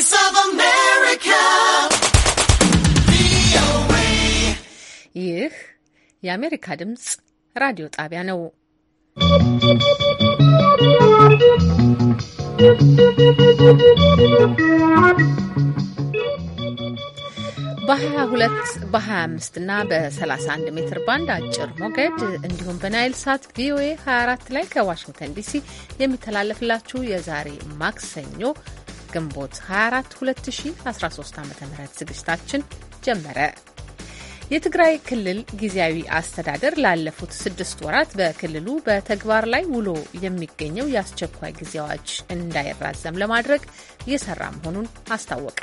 Voice of America. ይህ የአሜሪካ ድምጽ ራዲዮ ጣቢያ ነው። በ22 በ25 እና በ31 ሜትር ባንድ አጭር ሞገድ እንዲሁም በናይል ሳት ቪኦኤ 24 ላይ ከዋሽንግተን ዲሲ የሚተላለፍላችሁ የዛሬ ማክሰኞ ግንቦት 24 2013 ዓ ም ዝግጅታችን ጀመረ። የትግራይ ክልል ጊዜያዊ አስተዳደር ላለፉት ስድስት ወራት በክልሉ በተግባር ላይ ውሎ የሚገኘው የአስቸኳይ ጊዜ አዋጅ እንዳይራዘም ለማድረግ እየሰራ መሆኑን አስታወቀ።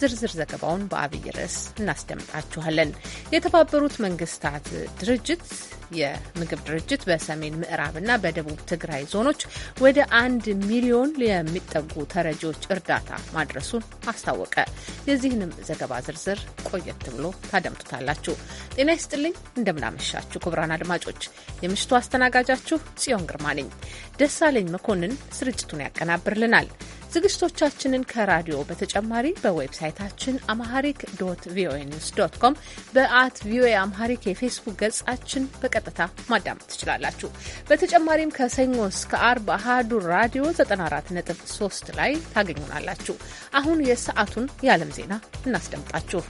ዝርዝር ዘገባውን በአብይ ርዕስ እናስደምጣችኋለን። የተባበሩት መንግስታት ድርጅት የምግብ ድርጅት በሰሜን ምዕራብና በደቡብ ትግራይ ዞኖች ወደ አንድ ሚሊዮን የሚጠጉ ተረጂዎች እርዳታ ማድረሱን አስታወቀ። የዚህንም ዘገባ ዝርዝር ቆየት ብሎ ታደምጡታላችሁ። ጤና ይስጥልኝ፣ እንደምናመሻችሁ ክቡራን አድማጮች፣ የምሽቱ አስተናጋጃችሁ ጽዮን ግርማ ነኝ። ደሳለኝ መኮንን ስርጭቱን ያቀናብርልናል። ዝግጅቶቻችንን ከራዲዮ በተጨማሪ በዌብሳይታችን አማሃሪክ ዶት ቪኦኤ ኒውስ ዶት ኮም በአት ቪኦኤ አምሃሪክ የፌስቡክ ገጻችን በቀጥታ ማዳመጥ ትችላላችሁ። በተጨማሪም ከሰኞ እስከ አርብ አሃዱ ራዲዮ 94.3 ላይ ታገኙናላችሁ። አሁን የሰዓቱን የዓለም ዜና እናስደምጣችሁ።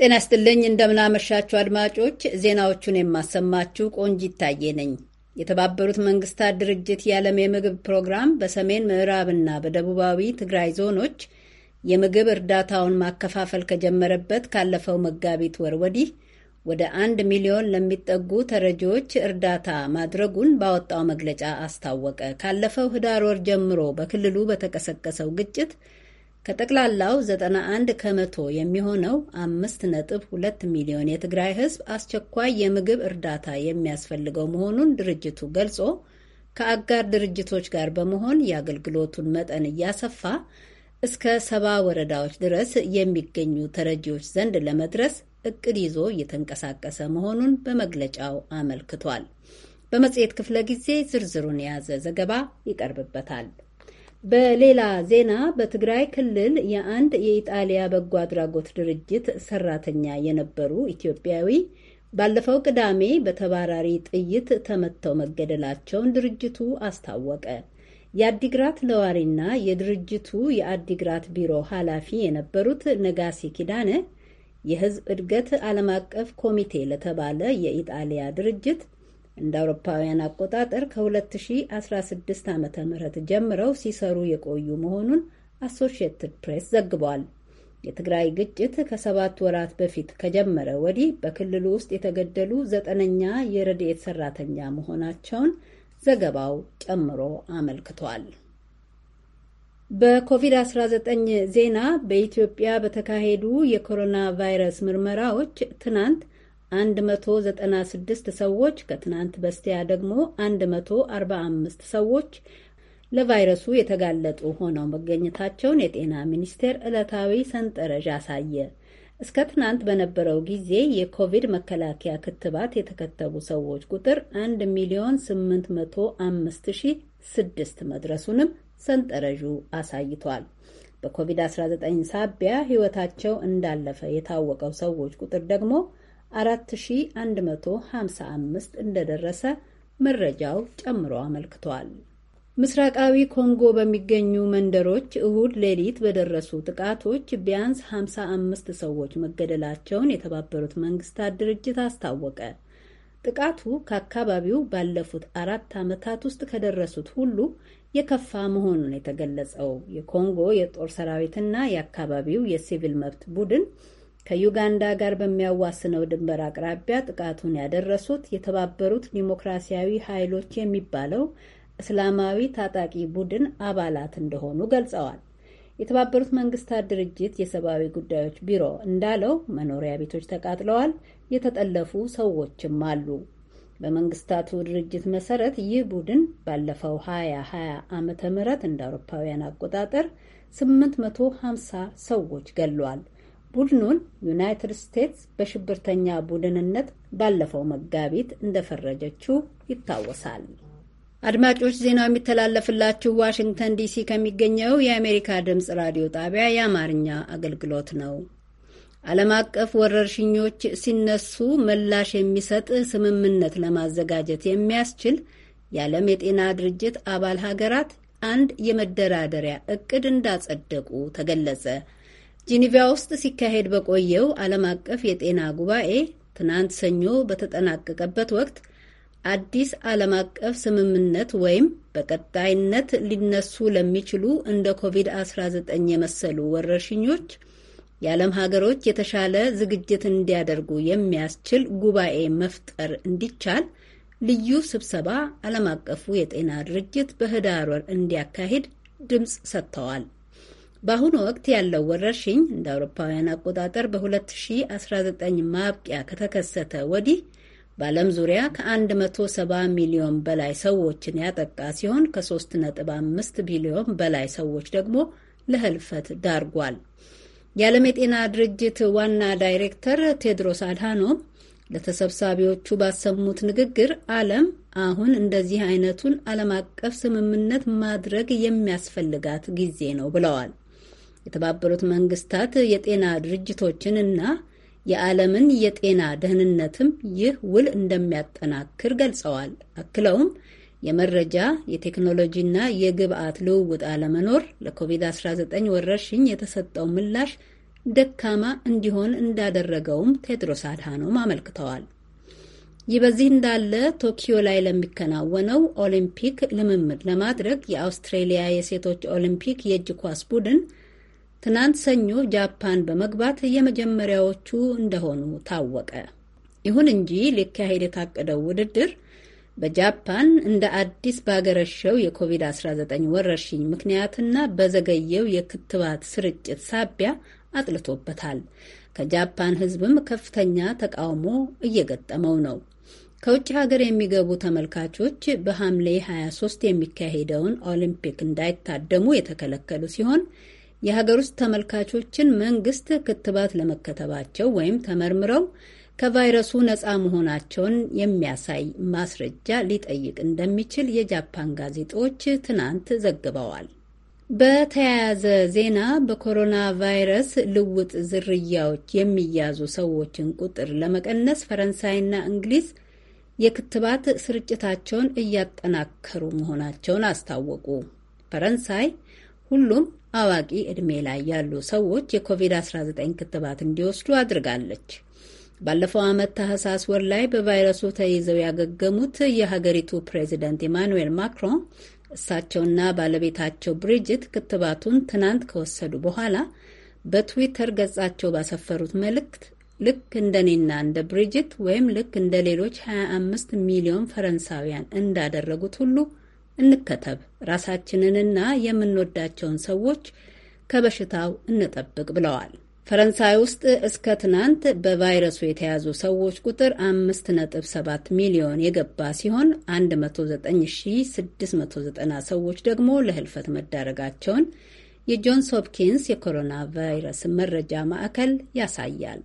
ጤና ይስጥልኝ እንደምናመሻችሁ አድማጮች፣ ዜናዎቹን የማሰማችሁ ቆንጂ ይታየ ነኝ። የተባበሩት መንግስታት ድርጅት የዓለም የምግብ ፕሮግራም በሰሜን ምዕራብና በደቡባዊ ትግራይ ዞኖች የምግብ እርዳታውን ማከፋፈል ከጀመረበት ካለፈው መጋቢት ወር ወዲህ ወደ አንድ ሚሊዮን ለሚጠጉ ተረጂዎች እርዳታ ማድረጉን ባወጣው መግለጫ አስታወቀ። ካለፈው ህዳር ወር ጀምሮ በክልሉ በተቀሰቀሰው ግጭት ከጠቅላላው 91 ከመቶ የሚሆነው 5.2 ሚሊዮን የትግራይ ህዝብ አስቸኳይ የምግብ እርዳታ የሚያስፈልገው መሆኑን ድርጅቱ ገልጾ ከአጋር ድርጅቶች ጋር በመሆን የአገልግሎቱን መጠን እያሰፋ እስከ ሰባ ወረዳዎች ድረስ የሚገኙ ተረጂዎች ዘንድ ለመድረስ እቅድ ይዞ እየተንቀሳቀሰ መሆኑን በመግለጫው አመልክቷል። በመጽሔት ክፍለ ጊዜ ዝርዝሩን የያዘ ዘገባ ይቀርብበታል። በሌላ ዜና በትግራይ ክልል የአንድ የኢጣሊያ በጎ አድራጎት ድርጅት ሰራተኛ የነበሩ ኢትዮጵያዊ ባለፈው ቅዳሜ በተባራሪ ጥይት ተመተው መገደላቸውን ድርጅቱ አስታወቀ። የአዲግራት ነዋሪና የድርጅቱ የአዲግራት ቢሮ ኃላፊ የነበሩት ነጋሲ ኪዳነ የሕዝብ እድገት ዓለም አቀፍ ኮሚቴ ለተባለ የኢጣሊያ ድርጅት እንደ አውሮፓውያን አቆጣጠር ከ2016 ዓ ም ጀምረው ሲሰሩ የቆዩ መሆኑን አሶሽየትድ ፕሬስ ዘግቧል። የትግራይ ግጭት ከሰባት ወራት በፊት ከጀመረ ወዲህ በክልሉ ውስጥ የተገደሉ ዘጠነኛ የረድኤት ሰራተኛ መሆናቸውን ዘገባው ጨምሮ አመልክቷል። በኮቪድ-19 ዜና በኢትዮጵያ በተካሄዱ የኮሮና ቫይረስ ምርመራዎች ትናንት 196 ሰዎች ከትናንት በስቲያ ደግሞ 145 ሰዎች ለቫይረሱ የተጋለጡ ሆነው መገኘታቸውን የጤና ሚኒስቴር ዕለታዊ ሰንጠረዥ አሳየ። እስከ ትናንት በነበረው ጊዜ የኮቪድ መከላከያ ክትባት የተከተቡ ሰዎች ቁጥር 1 ሚሊዮን 805,006 መድረሱንም ሰንጠረዡ አሳይቷል። በኮቪድ-19 ሳቢያ ሕይወታቸው እንዳለፈ የታወቀው ሰዎች ቁጥር ደግሞ 4155 እንደደረሰ መረጃው ጨምሮ አመልክቷል። ምስራቃዊ ኮንጎ በሚገኙ መንደሮች እሁድ ሌሊት በደረሱ ጥቃቶች ቢያንስ 55 ሰዎች መገደላቸውን የተባበሩት መንግስታት ድርጅት አስታወቀ። ጥቃቱ ከአካባቢው ባለፉት አራት ዓመታት ውስጥ ከደረሱት ሁሉ የከፋ መሆኑን የተገለጸው የኮንጎ የጦር ሰራዊትና የአካባቢው የሲቪል መብት ቡድን ከዩጋንዳ ጋር በሚያዋስነው ድንበር አቅራቢያ ጥቃቱን ያደረሱት የተባበሩት ዲሞክራሲያዊ ኃይሎች የሚባለው እስላማዊ ታጣቂ ቡድን አባላት እንደሆኑ ገልጸዋል። የተባበሩት መንግስታት ድርጅት የሰብአዊ ጉዳዮች ቢሮ እንዳለው መኖሪያ ቤቶች ተቃጥለዋል፣ የተጠለፉ ሰዎችም አሉ። በመንግስታቱ ድርጅት መሰረት ይህ ቡድን ባለፈው 2020 ዓመተ ምህረት እንደ አውሮፓውያን አቆጣጠር 850 ሰዎች ገሏል። ቡድኑን ዩናይትድ ስቴትስ በሽብርተኛ ቡድንነት ባለፈው መጋቢት እንደፈረጀችው ይታወሳል። አድማጮች ዜናው የሚተላለፍላችሁ ዋሽንግተን ዲሲ ከሚገኘው የአሜሪካ ድምፅ ራዲዮ ጣቢያ የአማርኛ አገልግሎት ነው። ዓለም አቀፍ ወረርሽኞች ሲነሱ ምላሽ የሚሰጥ ስምምነት ለማዘጋጀት የሚያስችል የዓለም የጤና ድርጅት አባል ሀገራት አንድ የመደራደሪያ ዕቅድ እንዳጸደቁ ተገለጸ። ጂኒቪያ ውስጥ ሲካሄድ በቆየው ዓለም አቀፍ የጤና ጉባኤ ትናንት ሰኞ በተጠናቀቀበት ወቅት አዲስ ዓለም አቀፍ ስምምነት ወይም በቀጣይነት ሊነሱ ለሚችሉ እንደ ኮቪድ-19 የመሰሉ ወረርሽኞች የዓለም ሀገሮች የተሻለ ዝግጅት እንዲያደርጉ የሚያስችል ጉባኤ መፍጠር እንዲቻል ልዩ ስብሰባ ዓለም አቀፉ የጤና ድርጅት በህዳር ወር እንዲያካሂድ ድምፅ ሰጥተዋል። በአሁኑ ወቅት ያለው ወረርሽኝ እንደ አውሮፓውያን አቆጣጠር በ2019 ማብቂያ ከተከሰተ ወዲህ በዓለም ዙሪያ ከ170 ሚሊዮን በላይ ሰዎችን ያጠቃ ሲሆን ከ3.5 ቢሊዮን በላይ ሰዎች ደግሞ ለህልፈት ዳርጓል። የዓለም የጤና ድርጅት ዋና ዳይሬክተር ቴድሮስ አድሃኖም ለተሰብሳቢዎቹ ባሰሙት ንግግር ዓለም አሁን እንደዚህ አይነቱን ዓለም አቀፍ ስምምነት ማድረግ የሚያስፈልጋት ጊዜ ነው ብለዋል። የተባበሩት መንግስታት የጤና ድርጅቶችን እና የዓለምን የጤና ደህንነትም ይህ ውል እንደሚያጠናክር ገልጸዋል። አክለውም የመረጃ የቴክኖሎጂና የግብአት ልውውጥ አለመኖር ለኮቪድ-19 ወረርሽኝ የተሰጠው ምላሽ ደካማ እንዲሆን እንዳደረገውም ቴድሮስ አድሃኖም አመልክተዋል። ይህ በዚህ እንዳለ ቶኪዮ ላይ ለሚከናወነው ኦሊምፒክ ልምምድ ለማድረግ የአውስትሬሊያ የሴቶች ኦሊምፒክ የእጅ ኳስ ቡድን ትናንት ሰኞ ጃፓን በመግባት የመጀመሪያዎቹ እንደሆኑ ታወቀ። ይሁን እንጂ ሊካሄድ የታቀደው ውድድር በጃፓን እንደ አዲስ ባገረሸው የኮቪድ-19 ወረርሽኝ ምክንያትና በዘገየው የክትባት ስርጭት ሳቢያ አጥልቶበታል። ከጃፓን ሕዝብም ከፍተኛ ተቃውሞ እየገጠመው ነው። ከውጭ ሀገር የሚገቡ ተመልካቾች በሐምሌ 23 የሚካሄደውን ኦሊምፒክ እንዳይታደሙ የተከለከሉ ሲሆን የሀገር ውስጥ ተመልካቾችን መንግስት ክትባት ለመከተባቸው ወይም ተመርምረው ከቫይረሱ ነፃ መሆናቸውን የሚያሳይ ማስረጃ ሊጠይቅ እንደሚችል የጃፓን ጋዜጦች ትናንት ዘግበዋል። በተያያዘ ዜና በኮሮና ቫይረስ ልውጥ ዝርያዎች የሚያዙ ሰዎችን ቁጥር ለመቀነስ ፈረንሳይና እንግሊዝ የክትባት ስርጭታቸውን እያጠናከሩ መሆናቸውን አስታወቁ። ፈረንሳይ ሁሉም አዋቂ ዕድሜ ላይ ያሉ ሰዎች የኮቪድ-19 ክትባት እንዲወስዱ አድርጋለች። ባለፈው ዓመት ታህሳስ ወር ላይ በቫይረሱ ተይዘው ያገገሙት የሀገሪቱ ፕሬዚደንት ኢማኑዌል ማክሮን እሳቸውና ባለቤታቸው ብሪጅት ክትባቱን ትናንት ከወሰዱ በኋላ በትዊተር ገጻቸው ባሰፈሩት መልእክት ልክ እንደኔና እንደ ብሪጅት ወይም ልክ እንደ ሌሎች 25 ሚሊዮን ፈረንሳውያን እንዳደረጉት ሁሉ እንከተብ፣ ራሳችንንና የምንወዳቸውን ሰዎች ከበሽታው እንጠብቅ ብለዋል። ፈረንሳይ ውስጥ እስከ ትናንት በቫይረሱ የተያዙ ሰዎች ቁጥር 5.7 ሚሊዮን የገባ ሲሆን 109690 ሰዎች ደግሞ ለህልፈት መዳረጋቸውን የጆንስ ሆፕኪንስ የኮሮና ቫይረስ መረጃ ማዕከል ያሳያል።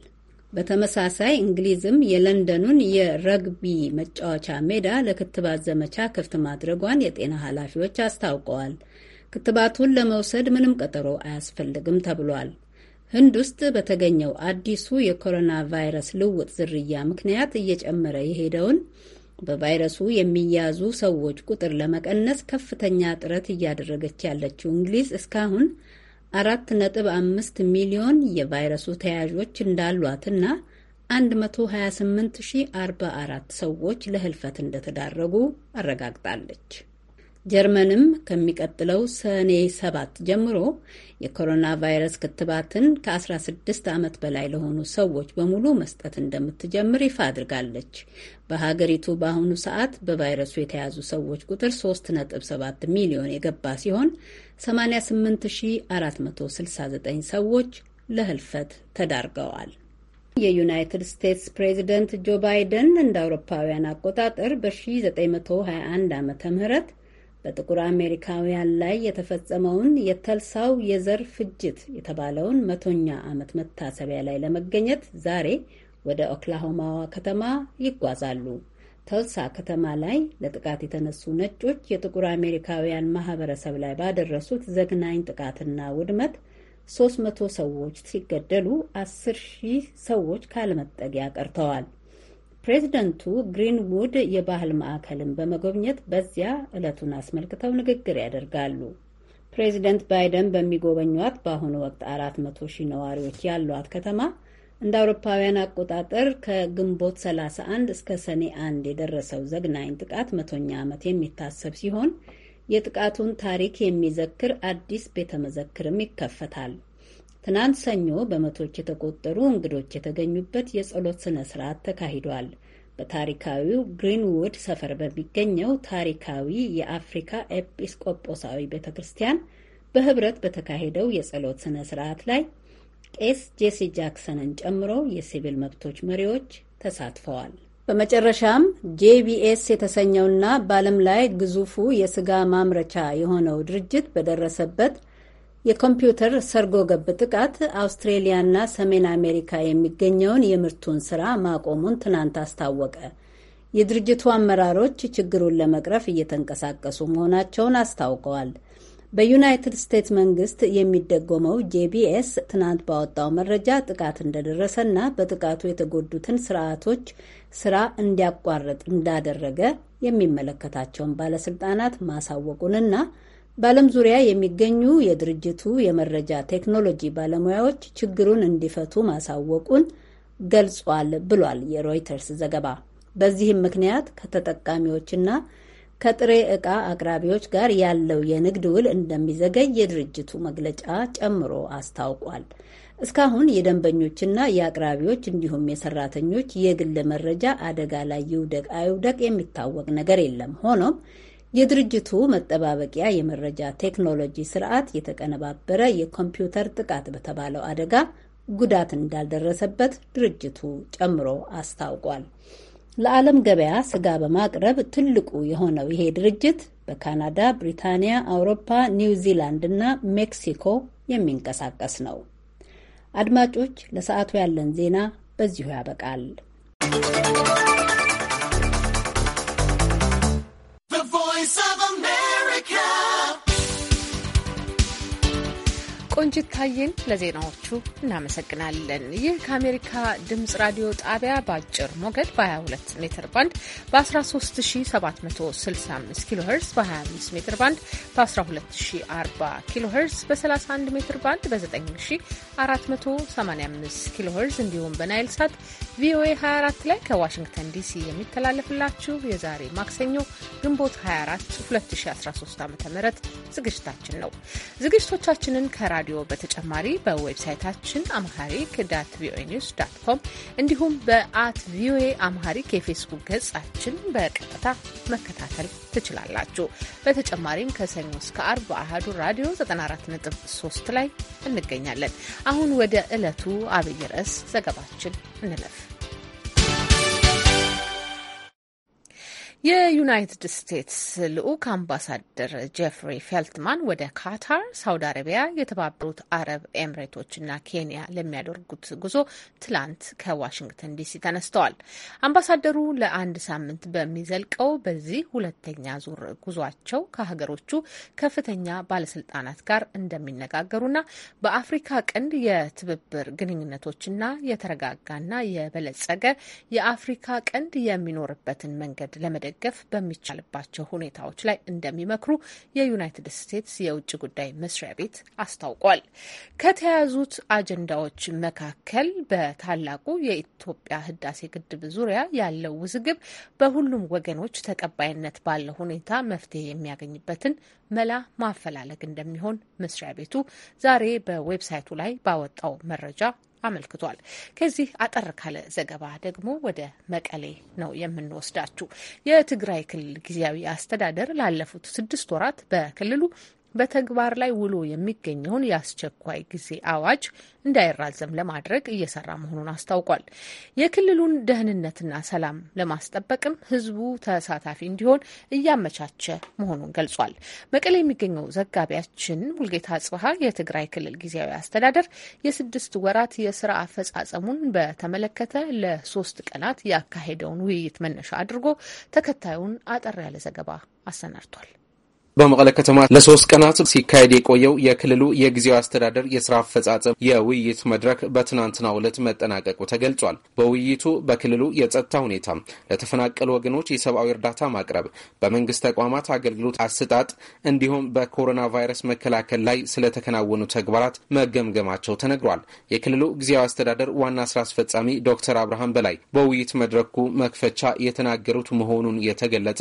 በተመሳሳይ እንግሊዝም የለንደኑን የረግቢ መጫወቻ ሜዳ ለክትባት ዘመቻ ክፍት ማድረጓን የጤና ኃላፊዎች አስታውቀዋል። ክትባቱን ለመውሰድ ምንም ቀጠሮ አያስፈልግም ተብሏል። ህንድ ውስጥ በተገኘው አዲሱ የኮሮና ቫይረስ ልውጥ ዝርያ ምክንያት እየጨመረ የሄደውን በቫይረሱ የሚያዙ ሰዎች ቁጥር ለመቀነስ ከፍተኛ ጥረት እያደረገች ያለችው እንግሊዝ እስካሁን አራት ነጥብ አምስት ሚሊዮን የቫይረሱ ተያዦች እንዳሏትና 128044 ሰዎች ለህልፈት እንደተዳረጉ አረጋግጣለች። ጀርመንም ከሚቀጥለው ሰኔ ሰባት ጀምሮ የኮሮና ቫይረስ ክትባትን ከ16 ዓመት በላይ ለሆኑ ሰዎች በሙሉ መስጠት እንደምትጀምር ይፋ አድርጋለች። በሀገሪቱ በአሁኑ ሰዓት በቫይረሱ የተያዙ ሰዎች ቁጥር 3.7 ሚሊዮን የገባ ሲሆን 88469 ሰዎች ለህልፈት ተዳርገዋል። የዩናይትድ ስቴትስ ፕሬዚደንት ጆ ባይደን እንደ አውሮፓውያን አቆጣጠር በ1921 ዓ ም በጥቁር አሜሪካውያን ላይ የተፈጸመውን የተልሳው የዘር ፍጅት የተባለውን መቶኛ ዓመት መታሰቢያ ላይ ለመገኘት ዛሬ ወደ ኦክላሆማዋ ከተማ ይጓዛሉ። ተልሳ ከተማ ላይ ለጥቃት የተነሱ ነጮች የጥቁር አሜሪካውያን ማህበረሰብ ላይ ባደረሱት ዘግናኝ ጥቃትና ውድመት 300 ሰዎች ሲገደሉ 10 ሺህ ሰዎች ካለመጠጊያ ቀርተዋል። ፕሬዚደንቱ ግሪንውድ የባህል ማዕከልን በመጎብኘት በዚያ ዕለቱን አስመልክተው ንግግር ያደርጋሉ። ፕሬዚደንት ባይደን በሚጎበኟት በአሁኑ ወቅት አራት መቶ ሺህ ነዋሪዎች ያሏት ከተማ እንደ አውሮፓውያን አቆጣጠር ከግንቦት 31 እስከ ሰኔ አንድ የደረሰው ዘግናኝ ጥቃት መቶኛ ዓመት የሚታሰብ ሲሆን የጥቃቱን ታሪክ የሚዘክር አዲስ ቤተ መዘክርም ይከፈታል። ትናንት ሰኞ በመቶች የተቆጠሩ እንግዶች የተገኙበት የጸሎት ስነ ስርዓት ተካሂዷል። በታሪካዊው ግሪንውድ ሰፈር በሚገኘው ታሪካዊ የአፍሪካ ኤጲስቆጶሳዊ ቤተ ክርስቲያን በህብረት በተካሄደው የጸሎት ስነ ስርዓት ላይ ቄስ ጄሲ ጃክሰንን ጨምሮ የሲቪል መብቶች መሪዎች ተሳትፈዋል። በመጨረሻም ጄቢኤስ የተሰኘውና በዓለም ላይ ግዙፉ የስጋ ማምረቻ የሆነው ድርጅት በደረሰበት የኮምፒውተር ሰርጎ ገብ ጥቃት አውስትሬሊያና ሰሜን አሜሪካ የሚገኘውን የምርቱን ስራ ማቆሙን ትናንት አስታወቀ። የድርጅቱ አመራሮች ችግሩን ለመቅረፍ እየተንቀሳቀሱ መሆናቸውን አስታውቀዋል። በዩናይትድ ስቴትስ መንግስት የሚደጎመው ጄቢኤስ ትናንት ባወጣው መረጃ ጥቃት እንደደረሰና በጥቃቱ የተጎዱትን ስርዓቶች ስራ እንዲያቋርጥ እንዳደረገ የሚመለከታቸውን ባለስልጣናት ማሳወቁንና በዓለም ዙሪያ የሚገኙ የድርጅቱ የመረጃ ቴክኖሎጂ ባለሙያዎች ችግሩን እንዲፈቱ ማሳወቁን ገልጿል ብሏል የሮይተርስ ዘገባ። በዚህም ምክንያት ከተጠቃሚዎችና ከጥሬ ዕቃ አቅራቢዎች ጋር ያለው የንግድ ውል እንደሚዘገይ የድርጅቱ መግለጫ ጨምሮ አስታውቋል። እስካሁን የደንበኞችና የአቅራቢዎች እንዲሁም የሰራተኞች የግል መረጃ አደጋ ላይ ይውደቅ አይውደቅ የሚታወቅ ነገር የለም። ሆኖም የድርጅቱ መጠባበቂያ የመረጃ ቴክኖሎጂ ስርዓት የተቀነባበረ የኮምፒውተር ጥቃት በተባለው አደጋ ጉዳት እንዳልደረሰበት ድርጅቱ ጨምሮ አስታውቋል። ለዓለም ገበያ ስጋ በማቅረብ ትልቁ የሆነው ይሄ ድርጅት በካናዳ፣ ብሪታንያ፣ አውሮፓ፣ ኒውዚላንድ እና ሜክሲኮ የሚንቀሳቀስ ነው። አድማጮች፣ ለሰዓቱ ያለን ዜና በዚሁ ያበቃል። Voice of America. ቆንጅት ታየን ለዜናዎቹ እናመሰግናለን። ይህ ከአሜሪካ ድምጽ ራዲዮ ጣቢያ በአጭር ሞገድ በ22 ሜትር ባንድ በ13765 ኪሎ ሄርዝ በ25 ሜትር ባንድ በ1240 ኪሎ ሄርዝ በ31 ሜትር ባንድ በ9485 ኪሎ ሄርዝ እንዲሁም በናይል ሳት ቪኦኤ 24 ላይ ከዋሽንግተን ዲሲ የሚተላለፍላችሁ የዛሬ ማክሰኞ ግንቦት 24 2013 ዓ ም ዝግጅታችን ነው። ዝግጅቶቻችንን ከራዲዮ ራዲዮ በተጨማሪ በዌብሳይታችን አምሃሪክ ዳት ቪኦኤ ኒውስ ዳት ኮም እንዲሁም በአት ቪኦኤ አምሃሪክ የፌስቡክ ገጻችን በቀጥታ መከታተል ትችላላችሁ። በተጨማሪም ከሰኞ እስከ አርብ አህዱ ራዲዮ 94.3 ላይ እንገኛለን። አሁን ወደ ዕለቱ አብይ ርዕስ ዘገባችን እንለፍ። የዩናይትድ ስቴትስ ልዑክ አምባሳደር ጄፍሪ ፌልትማን ወደ ካታር፣ ሳውዲ አረቢያ፣ የተባበሩት አረብ ኤምሬቶችና ኬንያ ለሚያደርጉት ጉዞ ትላንት ከዋሽንግተን ዲሲ ተነስተዋል። አምባሳደሩ ለአንድ ሳምንት በሚዘልቀው በዚህ ሁለተኛ ዙር ጉዟቸው ከሀገሮቹ ከፍተኛ ባለስልጣናት ጋር እንደሚነጋገሩና በአፍሪካ ቀንድ የትብብር ግንኙነቶችና የተረጋጋና የበለጸገ የአፍሪካ ቀንድ የሚኖርበትን መንገድ ለመደ መደገፍ በሚቻልባቸው ሁኔታዎች ላይ እንደሚመክሩ የዩናይትድ ስቴትስ የውጭ ጉዳይ መስሪያ ቤት አስታውቋል። ከተያዙት አጀንዳዎች መካከል በታላቁ የኢትዮጵያ ህዳሴ ግድብ ዙሪያ ያለው ውዝግብ በሁሉም ወገኖች ተቀባይነት ባለው ሁኔታ መፍትሄ የሚያገኝበትን መላ ማፈላለግ እንደሚሆን መስሪያ ቤቱ ዛሬ በዌብሳይቱ ላይ ባወጣው መረጃ አመልክቷል። ከዚህ አጠር ካለ ዘገባ ደግሞ ወደ መቀሌ ነው የምንወስዳችሁ። የትግራይ ክልል ጊዜያዊ አስተዳደር ላለፉት ስድስት ወራት በክልሉ በተግባር ላይ ውሎ የሚገኘውን የአስቸኳይ ጊዜ አዋጅ እንዳይራዘም ለማድረግ እየሰራ መሆኑን አስታውቋል። የክልሉን ደህንነትና ሰላም ለማስጠበቅም ህዝቡ ተሳታፊ እንዲሆን እያመቻቸ መሆኑን ገልጿል። መቀሌ የሚገኘው ዘጋቢያችን ሙልጌታ ጽብሀ የትግራይ ክልል ጊዜያዊ አስተዳደር የስድስት ወራት የስራ አፈጻጸሙን በተመለከተ ለሶስት ቀናት ያካሄደውን ውይይት መነሻ አድርጎ ተከታዩን አጠር ያለ ዘገባ አሰናድቷል። በመቀለ ከተማ ለሶስት ቀናት ሲካሄድ የቆየው የክልሉ የጊዜያዊ አስተዳደር የስራ አፈጻጸም የውይይት መድረክ በትናንትናው ዕለት መጠናቀቁ ተገልጿል። በውይይቱ በክልሉ የጸጥታ ሁኔታ፣ ለተፈናቀሉ ወገኖች የሰብአዊ እርዳታ ማቅረብ፣ በመንግስት ተቋማት አገልግሎት አሰጣጥ እንዲሁም በኮሮና ቫይረስ መከላከል ላይ ስለተከናወኑ ተግባራት መገምገማቸው ተነግሯል። የክልሉ ጊዜያዊ አስተዳደር ዋና ስራ አስፈጻሚ ዶክተር አብርሃም በላይ በውይይት መድረኩ መክፈቻ የተናገሩት መሆኑን የተገለጸ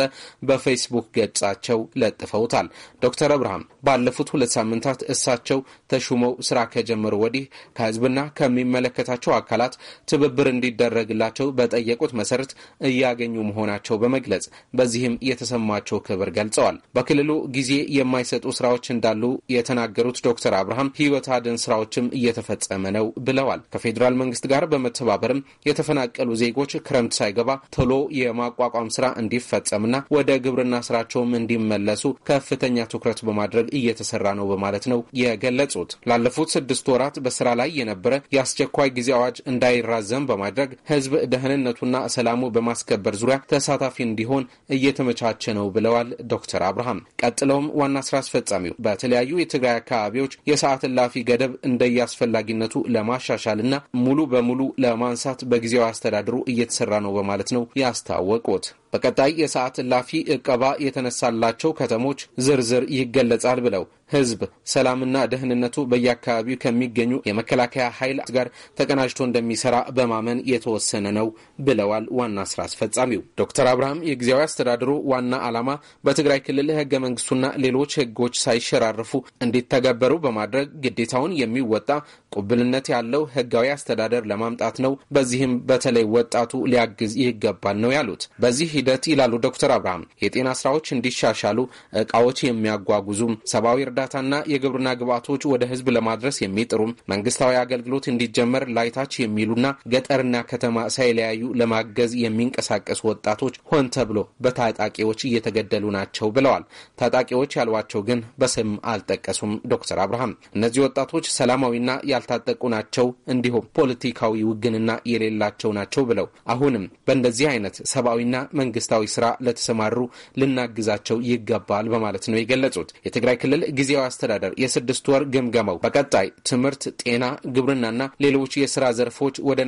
በፌስቡክ ገጻቸው ለጥፈው አስታውቀውታል። ዶክተር አብርሃም ባለፉት ሁለት ሳምንታት እሳቸው ተሹመው ስራ ከጀመሩ ወዲህ ከህዝብና ከሚመለከታቸው አካላት ትብብር እንዲደረግላቸው በጠየቁት መሰረት እያገኙ መሆናቸው በመግለጽ በዚህም የተሰማቸው ክብር ገልጸዋል። በክልሉ ጊዜ የማይሰጡ ስራዎች እንዳሉ የተናገሩት ዶክተር አብርሃም ህይወት አድን ስራዎችም እየተፈጸመ ነው ብለዋል። ከፌዴራል መንግስት ጋር በመተባበርም የተፈናቀሉ ዜጎች ክረምት ሳይገባ ቶሎ የማቋቋም ስራ እንዲፈጸምና ወደ ግብርና ስራቸውም እንዲመለሱ ከፍተኛ ትኩረት በማድረግ እየተሰራ ነው በማለት ነው የገለጹት። ላለፉት ስድስት ወራት በስራ ላይ የነበረ የአስቸኳይ ጊዜ አዋጅ እንዳይራዘም በማድረግ ህዝብ ደህንነቱና ሰላሙ በማስከበር ዙሪያ ተሳታፊ እንዲሆን እየተመቻቸ ነው ብለዋል ዶክተር አብርሃም። ቀጥለውም ዋና ስራ አስፈጻሚው በተለያዩ የትግራይ አካባቢዎች የሰዓት እላፊ ገደብ እንደየአስፈላጊነቱ ለማሻሻልና ሙሉ በሙሉ ለማንሳት በጊዜያዊ አስተዳደሩ እየተሰራ ነው በማለት ነው ያስታወቁት። በቀጣይ የሰዓት እላፊ እቀባ የተነሳላቸው ከተሞች ዝርዝር ይገለጻል ብለው ህዝብ ሰላምና ደህንነቱ በየአካባቢው ከሚገኙ የመከላከያ ኃይል ጋር ተቀናጅቶ እንደሚሰራ በማመን የተወሰነ ነው ብለዋል ዋና ስራ አስፈጻሚው ዶክተር አብርሃም። የጊዜያዊ አስተዳደሩ ዋና ዓላማ በትግራይ ክልል ህገ መንግስቱና ሌሎች ህጎች ሳይሸራርፉ እንዲተገበሩ በማድረግ ግዴታውን የሚወጣ ቁብልነት ያለው ህጋዊ አስተዳደር ለማምጣት ነው። በዚህም በተለይ ወጣቱ ሊያግዝ ይገባል ነው ያሉት። በዚህ ሂደት ይላሉ ዶክተር አብርሃም የጤና ስራዎች እንዲሻሻሉ፣ እቃዎች የሚያጓጉዙም ሰብአዊ እርዳ እርዳታና የግብርና ግብዓቶች ወደ ህዝብ ለማድረስ የሚጥሩ መንግስታዊ አገልግሎት እንዲጀመር ላይታች የሚሉና ገጠርና ከተማ ሳይለያዩ ለማገዝ የሚንቀሳቀሱ ወጣቶች ሆን ተብሎ በታጣቂዎች እየተገደሉ ናቸው ብለዋል። ታጣቂዎች ያሏቸው ግን በስም አልጠቀሱም። ዶክተር አብርሃም እነዚህ ወጣቶች ሰላማዊና ያልታጠቁ ናቸው፣ እንዲሁም ፖለቲካዊ ውግንና የሌላቸው ናቸው ብለው አሁንም በእንደዚህ አይነት ሰብአዊና መንግስታዊ ስራ ለተሰማሩ ልናግዛቸው ይገባል በማለት ነው የገለጹት። የትግራይ ክልል ጊዜ ጊዜያዊ አስተዳደር የስድስት ወር ግምገማው በቀጣይ ትምህርት፣ ጤና፣ ግብርናና ሌሎች የስራ ዘርፎች ወደ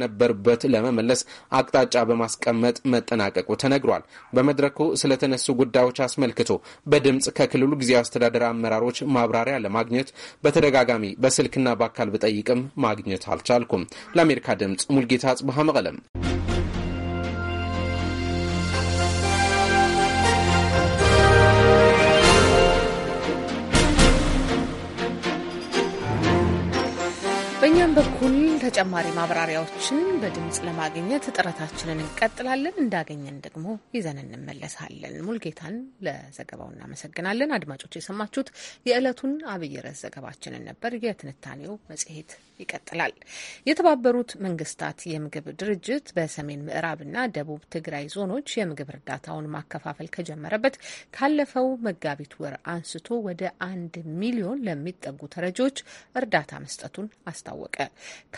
ለመመለስ አቅጣጫ በማስቀመጥ መጠናቀቁ ተነግሯል። በመድረኩ ስለተነሱ ጉዳዮች አስመልክቶ በድምፅ ከክልሉ ጊዜያዊ አስተዳደር አመራሮች ማብራሪያ ለማግኘት በተደጋጋሚ በስልክና በአካል ብጠይቅም ማግኘት አልቻልኩም። ለአሜሪካ ድምፅ ሙልጌታ አጽብሃ መቀለም በእኛም በኩል ተጨማሪ ማብራሪያዎችን በድምፅ ለማግኘት ጥረታችንን እንቀጥላለን። እንዳገኘን ደግሞ ይዘን እንመለሳለን። ሙልጌታን ለዘገባው እናመሰግናለን። አድማጮች የሰማችሁት የዕለቱን አብይ ርዕስ ዘገባችንን ነበር። የትንታኔው መጽሔት ይቀጥላል። የተባበሩት መንግስታት የምግብ ድርጅት በሰሜን ምዕራብና ደቡብ ትግራይ ዞኖች የምግብ እርዳታውን ማከፋፈል ከጀመረበት ካለፈው መጋቢት ወር አንስቶ ወደ አንድ ሚሊዮን ለሚጠጉ ተረጂዎች እርዳታ መስጠቱን አስታወቀ።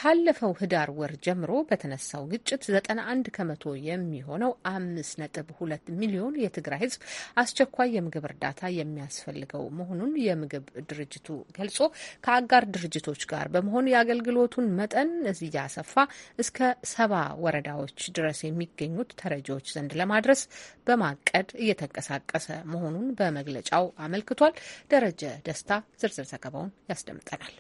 ካለፈው ህዳር ወር ጀምሮ በተነሳው ግጭት 91 ከመቶ የሚሆነው 5.2 ሚሊዮን የትግራይ ህዝብ አስቸኳይ የምግብ እርዳታ የሚያስፈልገው መሆኑን የምግብ ድርጅቱ ገልጾ ከአጋር ድርጅቶች ጋር በመሆን የአገልግሎቱን መጠን እያሰፋ እስከ ሰባ ወረዳዎች ድረስ የሚገኙት ተረጂዎች ዘንድ ለማድረስ በማቀድ እየተንቀሳቀሰ መሆኑን በመግለጫው አመልክቷል። ደረጀ ደስታ ዝርዝር ዘገባውን ያስደምጠናል።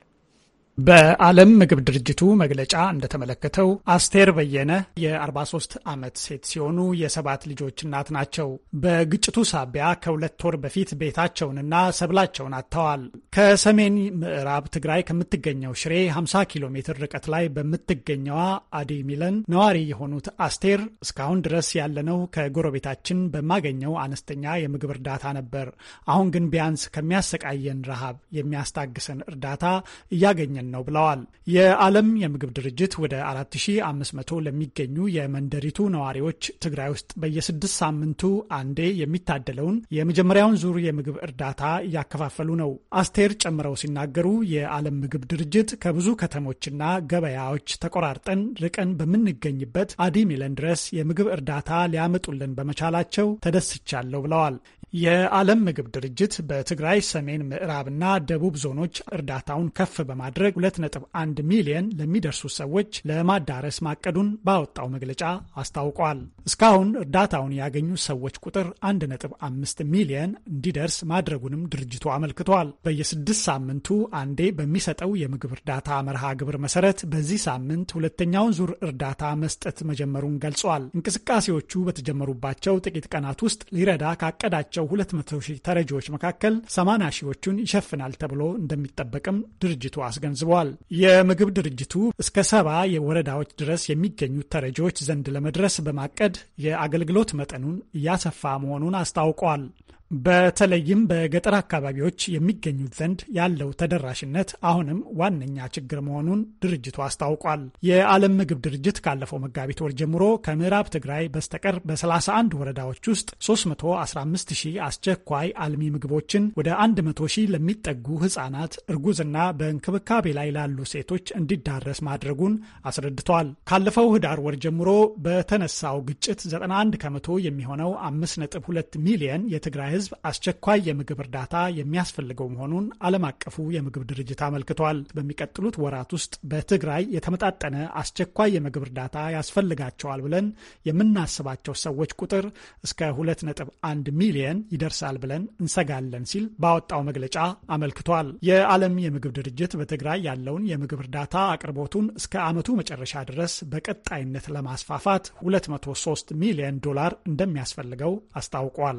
በዓለም ምግብ ድርጅቱ መግለጫ እንደተመለከተው አስቴር በየነ የ43 ዓመት ሴት ሲሆኑ የሰባት ልጆች እናት ናቸው። በግጭቱ ሳቢያ ከሁለት ወር በፊት ቤታቸውንና ሰብላቸውን አጥተዋል። ከሰሜን ምዕራብ ትግራይ ከምትገኘው ሽሬ 50 ኪሎ ሜትር ርቀት ላይ በምትገኘዋ አዲ ሚለን ነዋሪ የሆኑት አስቴር እስካሁን ድረስ ያለነው ከጎረቤታችን በማገኘው አነስተኛ የምግብ እርዳታ ነበር። አሁን ግን ቢያንስ ከሚያሰቃየን ረሃብ የሚያስታግሰን እርዳታ እያገኘ መኮንን ነው ብለዋል። የዓለም የምግብ ድርጅት ወደ 4500 ለሚገኙ የመንደሪቱ ነዋሪዎች ትግራይ ውስጥ በየስድስት ሳምንቱ አንዴ የሚታደለውን የመጀመሪያውን ዙር የምግብ እርዳታ እያከፋፈሉ ነው። አስቴር ጨምረው ሲናገሩ የዓለም ምግብ ድርጅት ከብዙ ከተሞችና ገበያዎች ተቆራርጠን ርቀን በምንገኝበት አዲሚለን ድረስ የምግብ እርዳታ ሊያመጡልን በመቻላቸው ተደስቻለሁ ብለዋል። የዓለም ምግብ ድርጅት በትግራይ ሰሜን ምዕራብና ደቡብ ዞኖች እርዳታውን ከፍ በማድረግ 2.1 ሚሊየን ለሚደርሱ ሰዎች ለማዳረስ ማቀዱን ባወጣው መግለጫ አስታውቋል። እስካሁን እርዳታውን ያገኙ ሰዎች ቁጥር 1.5 ሚሊየን እንዲደርስ ማድረጉንም ድርጅቱ አመልክቷል። በየስድስት ሳምንቱ አንዴ በሚሰጠው የምግብ እርዳታ መርሃ ግብር መሰረት በዚህ ሳምንት ሁለተኛውን ዙር እርዳታ መስጠት መጀመሩን ገልጿል። እንቅስቃሴዎቹ በተጀመሩባቸው ጥቂት ቀናት ውስጥ ሊረዳ ካቀዳቸው 200 ሺህ ተረጂዎች መካከል 80 ሺዎቹን ይሸፍናል ተብሎ እንደሚጠበቅም ድርጅቱ አስገንዝቧል። አስገንዝበዋል። የምግብ ድርጅቱ እስከ ሰባ የወረዳዎች ድረስ የሚገኙ ተረጂዎች ዘንድ ለመድረስ በማቀድ የአገልግሎት መጠኑን እያሰፋ መሆኑን አስታውቋል። በተለይም በገጠር አካባቢዎች የሚገኙት ዘንድ ያለው ተደራሽነት አሁንም ዋነኛ ችግር መሆኑን ድርጅቱ አስታውቋል። የዓለም ምግብ ድርጅት ካለፈው መጋቢት ወር ጀምሮ ከምዕራብ ትግራይ በስተቀር በ31 ወረዳዎች ውስጥ 315 ሺህ አስቸኳይ አልሚ ምግቦችን ወደ 100 ሺህ ለሚጠጉ ህጻናት፣ እርጉዝና በእንክብካቤ ላይ ላሉ ሴቶች እንዲዳረስ ማድረጉን አስረድቷል። ካለፈው ህዳር ወር ጀምሮ በተነሳው ግጭት 91 ከመቶ የሚሆነው 5.2 ሚሊየን የትግራይ ሕዝብ አስቸኳይ የምግብ እርዳታ የሚያስፈልገው መሆኑን ዓለም አቀፉ የምግብ ድርጅት አመልክቷል። በሚቀጥሉት ወራት ውስጥ በትግራይ የተመጣጠነ አስቸኳይ የምግብ እርዳታ ያስፈልጋቸዋል ብለን የምናስባቸው ሰዎች ቁጥር እስከ 2.1 ሚሊየን ይደርሳል ብለን እንሰጋለን ሲል ባወጣው መግለጫ አመልክቷል። የዓለም የምግብ ድርጅት በትግራይ ያለውን የምግብ እርዳታ አቅርቦቱን እስከ ዓመቱ መጨረሻ ድረስ በቀጣይነት ለማስፋፋት 203 ሚሊዮን ዶላር እንደሚያስፈልገው አስታውቋል።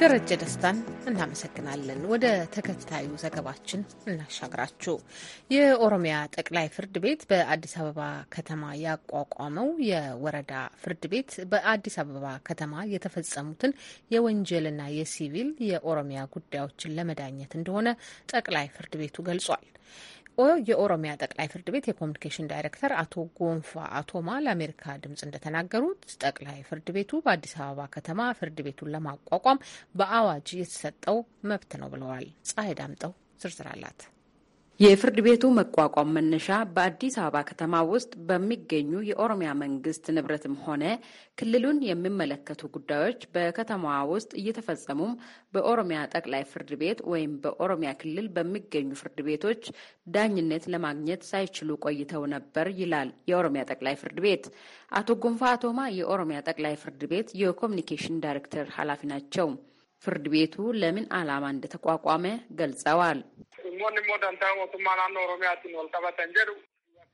ደረጀ ደስታን እናመሰግናለን። ወደ ተከታዩ ዘገባችን እናሻግራችሁ። የኦሮሚያ ጠቅላይ ፍርድ ቤት በአዲስ አበባ ከተማ ያቋቋመው የወረዳ ፍርድ ቤት በአዲስ አበባ ከተማ የተፈጸሙትን የወንጀልና የሲቪል የኦሮሚያ ጉዳዮችን ለመዳኘት እንደሆነ ጠቅላይ ፍርድ ቤቱ ገልጿል። የኦሮሚያ ጠቅላይ ፍርድ ቤት የኮሚኒኬሽን ዳይሬክተር አቶ ጎንፋ አቶማ ለአሜሪካ ድምጽ እንደተናገሩት ጠቅላይ ፍርድ ቤቱ በአዲስ አበባ ከተማ ፍርድ ቤቱን ለማቋቋም በአዋጅ የተሰጠው መብት ነው ብለዋል። ፀሐይ ዳምጠው ዝርዝር አላት። የፍርድ ቤቱ መቋቋም መነሻ በአዲስ አበባ ከተማ ውስጥ በሚገኙ የኦሮሚያ መንግስት ንብረትም ሆነ ክልሉን የሚመለከቱ ጉዳዮች በከተማዋ ውስጥ እየተፈጸሙም በኦሮሚያ ጠቅላይ ፍርድ ቤት ወይም በኦሮሚያ ክልል በሚገኙ ፍርድ ቤቶች ዳኝነት ለማግኘት ሳይችሉ ቆይተው ነበር ይላል የኦሮሚያ ጠቅላይ ፍርድ ቤት። አቶ ጉንፋ አቶማ የኦሮሚያ ጠቅላይ ፍርድ ቤት የኮሚኒኬሽን ዳይሬክተር ኃላፊ ናቸው። ፍርድ ቤቱ ለምን ዓላማ እንደተቋቋመ ገልጸዋል።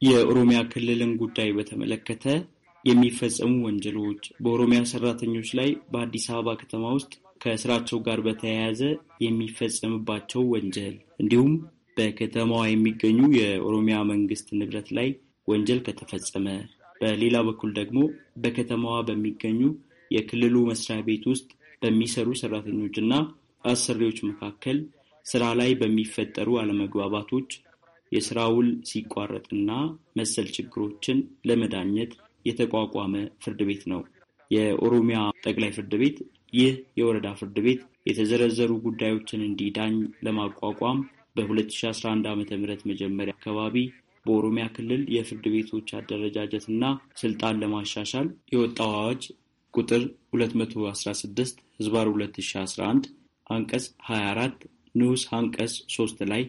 የኦሮሚያ ክልልን ጉዳይ በተመለከተ የሚፈጸሙ ወንጀሎች በኦሮሚያ ሰራተኞች ላይ በአዲስ አበባ ከተማ ውስጥ ከስራቸው ጋር በተያያዘ የሚፈጸምባቸው ወንጀል እንዲሁም በከተማዋ የሚገኙ የኦሮሚያ መንግስት ንብረት ላይ ወንጀል ከተፈጸመ፣ በሌላ በኩል ደግሞ በከተማዋ በሚገኙ የክልሉ መስሪያ ቤት ውስጥ በሚሰሩ ሰራተኞችና አሰሪዎች መካከል ስራ ላይ በሚፈጠሩ አለመግባባቶች የስራ ውል ሲቋረጥና መሰል ችግሮችን ለመዳኘት የተቋቋመ ፍርድ ቤት ነው። የኦሮሚያ ጠቅላይ ፍርድ ቤት ይህ የወረዳ ፍርድ ቤት የተዘረዘሩ ጉዳዮችን እንዲዳኝ ለማቋቋም በ2011 ዓ ም መጀመሪያ አካባቢ በኦሮሚያ ክልል የፍርድ ቤቶች አደረጃጀትና ስልጣን ለማሻሻል የወጣው አዋጅ ቁጥር 216 ህዝባር 2011 አንቀጽ 24 ንዑስ አንቀጽ ሶስት ላይ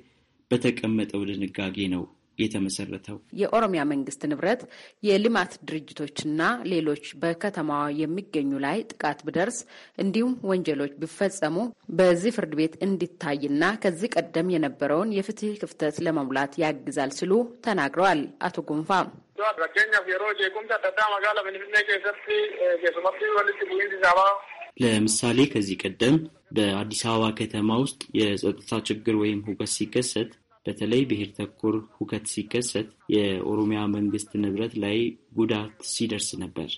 በተቀመጠው ድንጋጌ ነው የተመሰረተው። የኦሮሚያ መንግስት ንብረት የልማት ድርጅቶችና ሌሎች በከተማዋ የሚገኙ ላይ ጥቃት ቢደርስ እንዲሁም ወንጀሎች ቢፈጸሙ በዚህ ፍርድ ቤት እንዲታይና ከዚህ ቀደም የነበረውን የፍትህ ክፍተት ለመሙላት ያግዛል ሲሉ ተናግረዋል። አቶ ጉንፋ ለምሳሌ ከዚህ ቀደም በአዲስ አበባ ከተማ ውስጥ የጸጥታ ችግር ወይም ሁከት ሲከሰት በተለይ ብሔር ተኮር ሁከት ሲከሰት የኦሮሚያ መንግስት ንብረት ላይ ጉዳት ሲደርስ ነበር።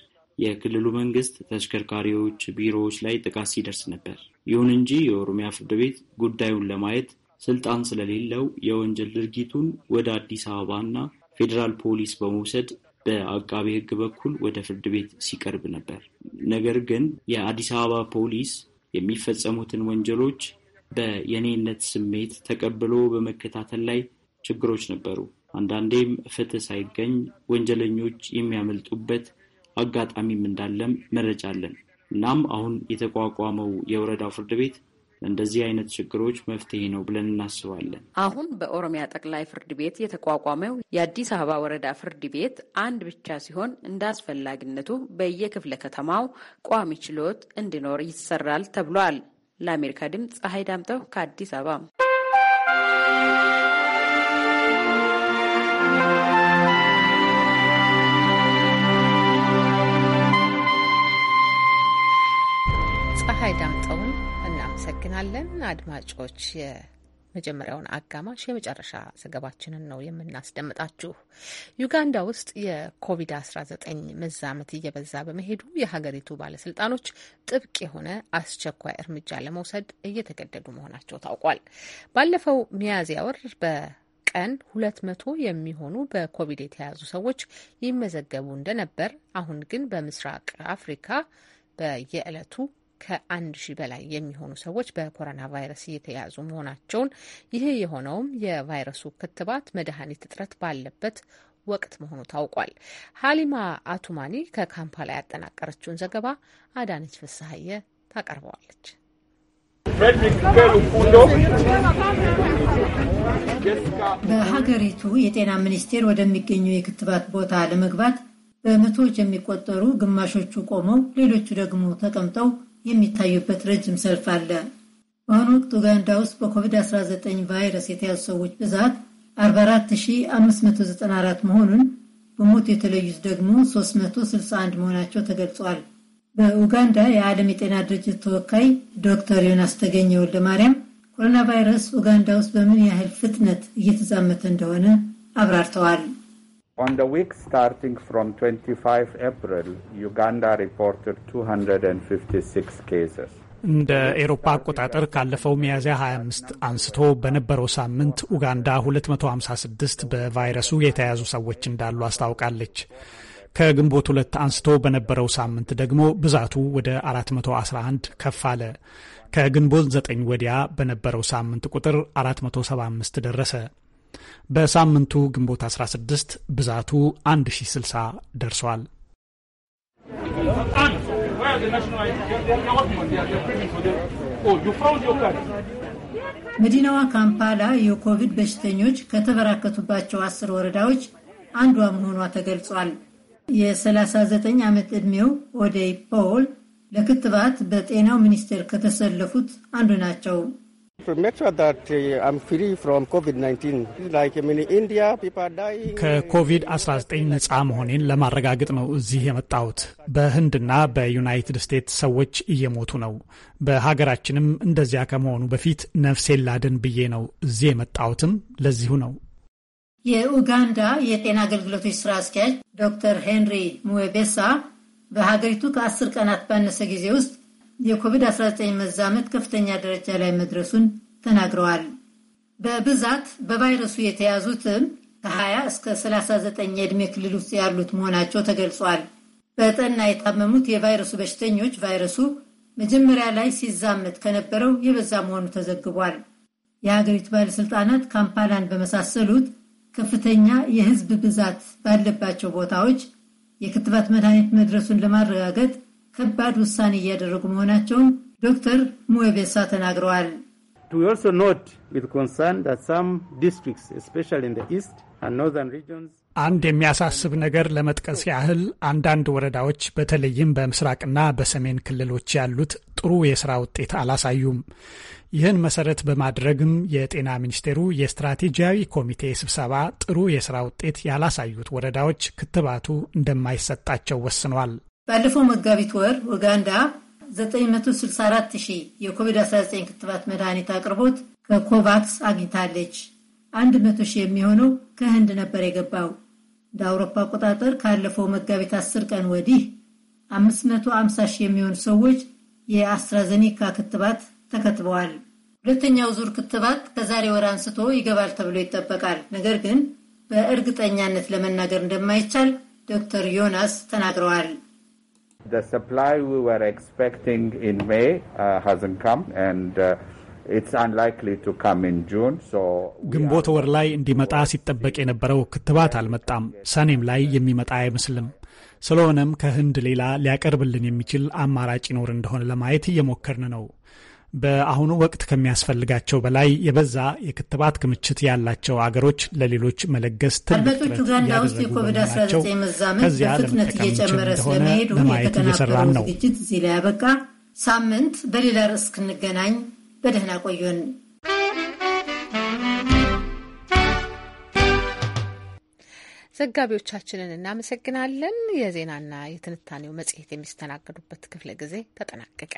የክልሉ መንግስት ተሽከርካሪዎች፣ ቢሮዎች ላይ ጥቃት ሲደርስ ነበር። ይሁን እንጂ የኦሮሚያ ፍርድ ቤት ጉዳዩን ለማየት ስልጣን ስለሌለው የወንጀል ድርጊቱን ወደ አዲስ አበባና ፌዴራል ፖሊስ በመውሰድ በአቃቤ ሕግ በኩል ወደ ፍርድ ቤት ሲቀርብ ነበር። ነገር ግን የአዲስ አበባ ፖሊስ የሚፈጸሙትን ወንጀሎች በየኔነት ስሜት ተቀብሎ በመከታተል ላይ ችግሮች ነበሩ። አንዳንዴም ፍትህ ሳይገኝ ወንጀለኞች የሚያመልጡበት አጋጣሚም እንዳለም መረጃ አለን። እናም አሁን የተቋቋመው የወረዳው ፍርድ ቤት ለእንደዚህ አይነት ችግሮች መፍትሄ ነው ብለን እናስባለን። አሁን በኦሮሚያ ጠቅላይ ፍርድ ቤት የተቋቋመው የአዲስ አበባ ወረዳ ፍርድ ቤት አንድ ብቻ ሲሆን እንደ አስፈላጊነቱ በየክፍለ ከተማው ቋሚ ችሎት እንዲኖር ይሰራል ተብሏል። ለአሜሪካ ድምፅ ፀሐይ ዳምጠው ከአዲስ አበባ። ፀሐይ ዳምጠው እናመሰግናለን አድማጮች። የመጀመሪያውን አጋማሽ የመጨረሻ ዘገባችንን ነው የምናስደምጣችሁ። ዩጋንዳ ውስጥ የኮቪድ-19 መዛመት እየበዛ በመሄዱ የሀገሪቱ ባለስልጣኖች ጥብቅ የሆነ አስቸኳይ እርምጃ ለመውሰድ እየተገደዱ መሆናቸው ታውቋል። ባለፈው ሚያዝያ ወር በቀን ሁለት መቶ የሚሆኑ በኮቪድ የተያዙ ሰዎች ይመዘገቡ እንደነበር አሁን ግን በምስራቅ አፍሪካ በየዕለቱ ከአንድ ሺህ በላይ የሚሆኑ ሰዎች በኮሮና ቫይረስ እየተያዙ መሆናቸውን ይህ የሆነውም የቫይረሱ ክትባት መድኃኒት እጥረት ባለበት ወቅት መሆኑ ታውቋል። ሀሊማ አቱማኒ ከካምፓላ ያጠናቀረችውን ዘገባ አዳነች ፍስሀየ ታቀርበዋለች። በሀገሪቱ የጤና ሚኒስቴር ወደሚገኙ የክትባት ቦታ ለመግባት በመቶዎች የሚቆጠሩ ግማሾቹ ቆመው ሌሎቹ ደግሞ ተቀምጠው የሚታዩበት ረጅም ሰልፍ አለ። በአሁኑ ወቅት ኡጋንዳ ውስጥ በኮቪድ-19 ቫይረስ የተያዙ ሰዎች ብዛት 44594 መሆኑን በሞት የተለዩት ደግሞ 361 መሆናቸው ተገልጿል። በኡጋንዳ የዓለም የጤና ድርጅት ተወካይ ዶክተር ዮናስ ተገኘ ወልደ ማርያም ኮሮና ቫይረስ ኡጋንዳ ውስጥ በምን ያህል ፍጥነት እየተዛመተ እንደሆነ አብራርተዋል። On the week starting from 25 April, Uganda reported 256 cases. እንደ ኤሮፓ አቆጣጠር ካለፈው ሚያዝያ 25 አንስቶ በነበረው ሳምንት ኡጋንዳ 256 በቫይረሱ የተያዙ ሰዎች እንዳሉ አስታውቃለች። ከግንቦት ሁለት አንስቶ በነበረው ሳምንት ደግሞ ብዛቱ ወደ 411 ከፍ አለ። ከግንቦት 9 ወዲያ በነበረው ሳምንት ቁጥር 475 ደረሰ። በሳምንቱ ግንቦት 16 ብዛቱ 1060 ደርሷል። መዲናዋ ካምፓላ የኮቪድ በሽተኞች ከተበራከቱባቸው አስር ወረዳዎች አንዷ መሆኗ ተገልጿል። የ39 ዓመት ዕድሜው ኦዴይ ፖል ለክትባት በጤናው ሚኒስቴር ከተሰለፉት አንዱ ናቸው። Uh, ከኮቪድ-19 ነፃ መሆኔን ለማረጋገጥ ነው እዚህ የመጣሁት። በህንድና በዩናይትድ ስቴትስ ሰዎች እየሞቱ ነው። በሀገራችንም እንደዚያ ከመሆኑ በፊት ነፍሴ ላድን ብዬ ነው እዚህ የመጣሁትም ለዚሁ ነው። የኡጋንዳ የጤና አገልግሎቶች ስራ አስኪያጅ ዶክተር ሄንሪ ሙዌቤሳ በሀገሪቱ ከአስር ቀናት ባነሰ ጊዜ ውስጥ የኮቪድ-19 መዛመት ከፍተኛ ደረጃ ላይ መድረሱን ተናግረዋል። በብዛት በቫይረሱ የተያዙትም ከ20 እስከ 39 የዕድሜ ክልል ውስጥ ያሉት መሆናቸው ተገልጿል። በጠና የታመሙት የቫይረሱ በሽተኞች ቫይረሱ መጀመሪያ ላይ ሲዛመት ከነበረው የበዛ መሆኑ ተዘግቧል። የሀገሪቱ ባለሥልጣናት ካምፓላን በመሳሰሉት ከፍተኛ የሕዝብ ብዛት ባለባቸው ቦታዎች የክትባት መድኃኒት መድረሱን ለማረጋገጥ ከባድ ውሳኔ እያደረጉ መሆናቸውን ዶክተር ሙዌቤሳ ተናግረዋል። አንድ የሚያሳስብ ነገር ለመጥቀስ ያህል አንዳንድ ወረዳዎች በተለይም በምስራቅና በሰሜን ክልሎች ያሉት ጥሩ የስራ ውጤት አላሳዩም። ይህን መሰረት በማድረግም የጤና ሚኒስቴሩ የስትራቴጂያዊ ኮሚቴ ስብሰባ ጥሩ የስራ ውጤት ያላሳዩት ወረዳዎች ክትባቱ እንደማይሰጣቸው ወስኗል። ባለፈው መጋቢት ወር ኡጋንዳ ሺህ የኮቪድ-19 ክትባት መድኃኒት አቅርቦት ከኮቫክስ አግኝታለች። ሺህ የሚሆነው ከህንድ ነበር የገባው። እንደ አውሮፓ አቆጣጠር ካለፈው መጋቢት 10 ቀን ወዲህ 550,000 የሚሆኑ ሰዎች የአስትራዘኒካ ክትባት ተከትበዋል። ሁለተኛው ዙር ክትባት ከዛሬ ወር አንስቶ ይገባል ተብሎ ይጠበቃል። ነገር ግን በእርግጠኛነት ለመናገር እንደማይቻል ዶክተር ዮናስ ተናግረዋል። The supply we were expecting in May uh, hasn't come and uh, ግንቦት ወር ላይ እንዲመጣ ሲጠበቅ የነበረው ክትባት አልመጣም። ሰኔም ላይ የሚመጣ አይመስልም። ስለሆነም ከህንድ ሌላ ሊያቀርብልን የሚችል አማራጭ ይኖር እንደሆነ ለማየት እየሞከርን ነው። በአሁኑ ወቅት ከሚያስፈልጋቸው በላይ የበዛ የክትባት ክምችት ያላቸው አገሮች ለሌሎች መለገስ ትልቅ የኮቪድ-19 ናቸው። ከዚያ ለመጠቀም ጭምር እንደሆነ ለማየት እየሰራን ነው። ዝግጅት እዚህ ላይ ያበቃ። ሳምንት በሌላ ርዕስ እስክንገናኝ በደህና ቆዩን። ዘጋቢዎቻችንን እናመሰግናለን። የዜናና የትንታኔው መጽሔት የሚስተናገዱበት ክፍለ ጊዜ ተጠናቀቀ።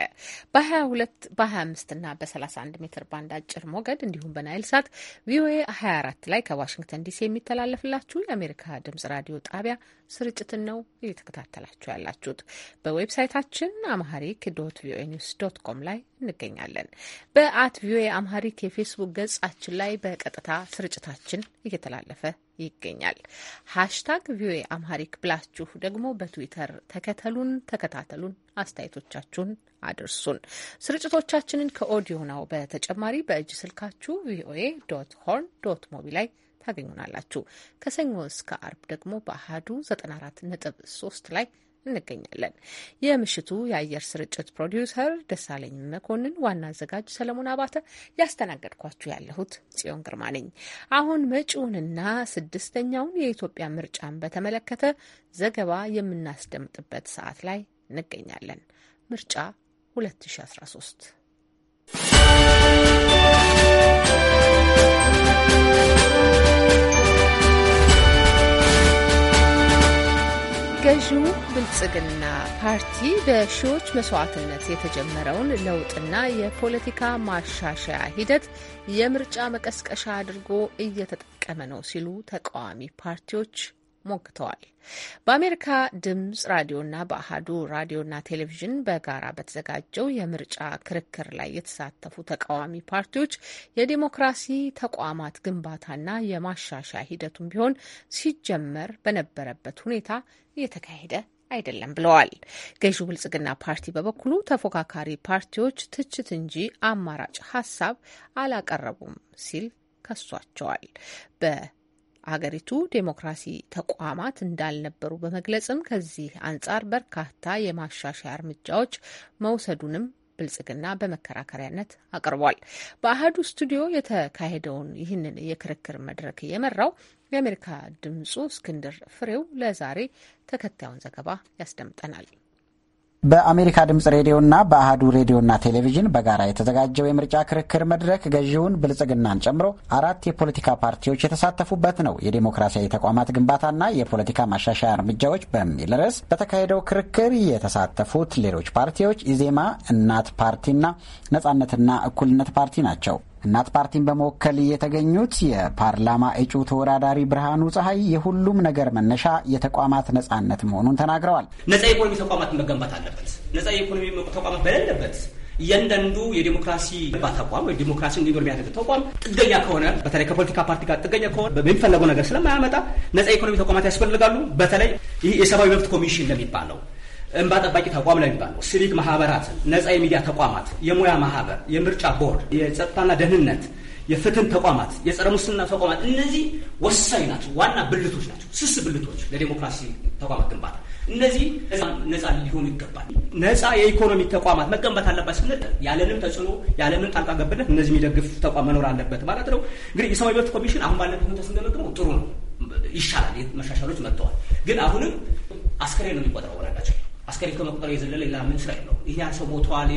በ22 በ25 እና በ31 ሜትር ባንድ አጭር ሞገድ እንዲሁም በናይል ሳት ቪኦኤ 24 ላይ ከዋሽንግተን ዲሲ የሚተላለፍላችሁ የአሜሪካ ድምጽ ራዲዮ ጣቢያ ስርጭትን ነው እየተከታተላችሁ ያላችሁት። በዌብሳይታችን አምሃሪክ ዶት ቪኦኤ ኒውስ ዶት ኮም ላይ እንገኛለን። በአት ቪኦኤ አምሃሪክ የፌስቡክ ገጻችን ላይ በቀጥታ ስርጭታችን እየተላለፈ ይገኛል። ሀሽታግ ቪኦኤ አምሃሪክ ብላችሁ ደግሞ በትዊተር ተከተሉን፣ ተከታተሉን። አስተያየቶቻችሁን አድርሱን። ስርጭቶቻችንን ከኦዲዮ ናው በተጨማሪ በእጅ ስልካችሁ ቪኦኤ ዶት ሆርን ዶት ሞቢ ላይ ታገኙናላችሁ። ከሰኞ እስከ አርብ ደግሞ በአህዱ 94.3 ላይ እንገኛለን። የምሽቱ የአየር ስርጭት ፕሮዲውሰር ደሳለኝ መኮንን፣ ዋና አዘጋጅ ሰለሞን አባተ፣ ያስተናገድኳችሁ ያለሁት ጽዮን ግርማ ነኝ። አሁን መጪውንና ስድስተኛውን የኢትዮጵያ ምርጫን በተመለከተ ዘገባ የምናስደምጥበት ሰዓት ላይ እንገኛለን። ምርጫ 2013 Thank you. ገዢው ብልጽግና ፓርቲ በሺዎች መስዋዕትነት የተጀመረውን ለውጥና የፖለቲካ ማሻሻያ ሂደት የምርጫ መቀስቀሻ አድርጎ እየተጠቀመ ነው ሲሉ ተቃዋሚ ፓርቲዎች ሞግተዋል። በአሜሪካ ድምጽ ራዲዮና በአህዱ ራዲዮና ቴሌቪዥን በጋራ በተዘጋጀው የምርጫ ክርክር ላይ የተሳተፉ ተቃዋሚ ፓርቲዎች የዲሞክራሲ ተቋማት ግንባታና የማሻሻያ ሂደቱን ቢሆን ሲጀመር በነበረበት ሁኔታ እየተካሄደ አይደለም ብለዋል። ገዢው ብልጽግና ፓርቲ በበኩሉ ተፎካካሪ ፓርቲዎች ትችት እንጂ አማራጭ ሀሳብ አላቀረቡም ሲል ከሷቸዋል። አገሪቱ ዴሞክራሲ ተቋማት እንዳልነበሩ በመግለጽም ከዚህ አንጻር በርካታ የማሻሻያ እርምጃዎች መውሰዱንም ብልጽግና በመከራከሪያነት አቅርቧል። በአህዱ ስቱዲዮ የተካሄደውን ይህንን የክርክር መድረክ የመራው የአሜሪካ ድምጹ እስክንድር ፍሬው ለዛሬ ተከታዩን ዘገባ ያስደምጠናል። በአሜሪካ ድምፅ ሬዲዮና በአህዱ ሬዲዮና ቴሌቪዥን በጋራ የተዘጋጀው የምርጫ ክርክር መድረክ ገዢውን ብልጽግናን ጨምሮ አራት የፖለቲካ ፓርቲዎች የተሳተፉበት ነው። የዴሞክራሲያዊ ተቋማት ግንባታና የፖለቲካ ማሻሻያ እርምጃዎች በሚል ርዕስ በተካሄደው ክርክር የተሳተፉት ሌሎች ፓርቲዎች ኢዜማ፣ እናት ፓርቲና ነጻነትና እኩልነት ፓርቲ ናቸው። እናት ፓርቲን በመወከል የተገኙት የፓርላማ እጩ ተወዳዳሪ ብርሃኑ ፀሐይ የሁሉም ነገር መነሻ የተቋማት ነጻነት መሆኑን ተናግረዋል። ነጻ የኢኮኖሚ ተቋማት መገንባት አለበት። ነጻ የኢኮኖሚ ተቋማት በሌለበት እያንዳንዱ የዲሞክራሲ ባ ተቋም ወይ ዲሞክራሲ እንዲኖር የሚያደርግ ተቋም ጥገኛ ከሆነ በተለይ ከፖለቲካ ፓርቲ ጋር ጥገኛ ከሆነ በሚፈለገው ነገር ስለማያመጣ ነጻ ኢኮኖሚ ተቋማት ያስፈልጋሉ። በተለይ ይህ የሰብአዊ መብት ኮሚሽን ለሚባለው እንባ ጠባቂ ተቋም ላይ የሚባለው ሲቪክ ማህበራት፣ ነጻ የሚዲያ ተቋማት፣ የሙያ ማህበር፣ የምርጫ ቦርድ፣ የጸጥታና ደህንነት፣ የፍትህን ተቋማት፣ የጸረ ሙስና ተቋማት እነዚህ ወሳኝ ናቸው። ዋና ብልቶች ናቸው፣ ስስ ብልቶች ለዴሞክራሲ ተቋማት ግንባታ። እነዚህ ነጻ ሊሆኑ ይገባል። ነጻ የኢኮኖሚ ተቋማት መገንባት አለባት ስንል ያለንም ተጽዕኖ ያለምን ጣልቃ ገብነት እነዚህ የሚደግፍ ተቋም መኖር አለበት ማለት ነው። እንግዲህ የሰብአዊ መብት ኮሚሽን አሁን ባለበት ሁኔታ ስንገመግመው ጥሩ ነው፣ ይሻላል፣ መሻሻሎች መጥተዋል። ግን አሁንም አስከሬ ነው የሚቆጠረው ወረዳቸው አስከሬን ከመቁጠር የዘለለ ሌላ ምን ስራ የለውም። ይህ ሰው ሞተዋል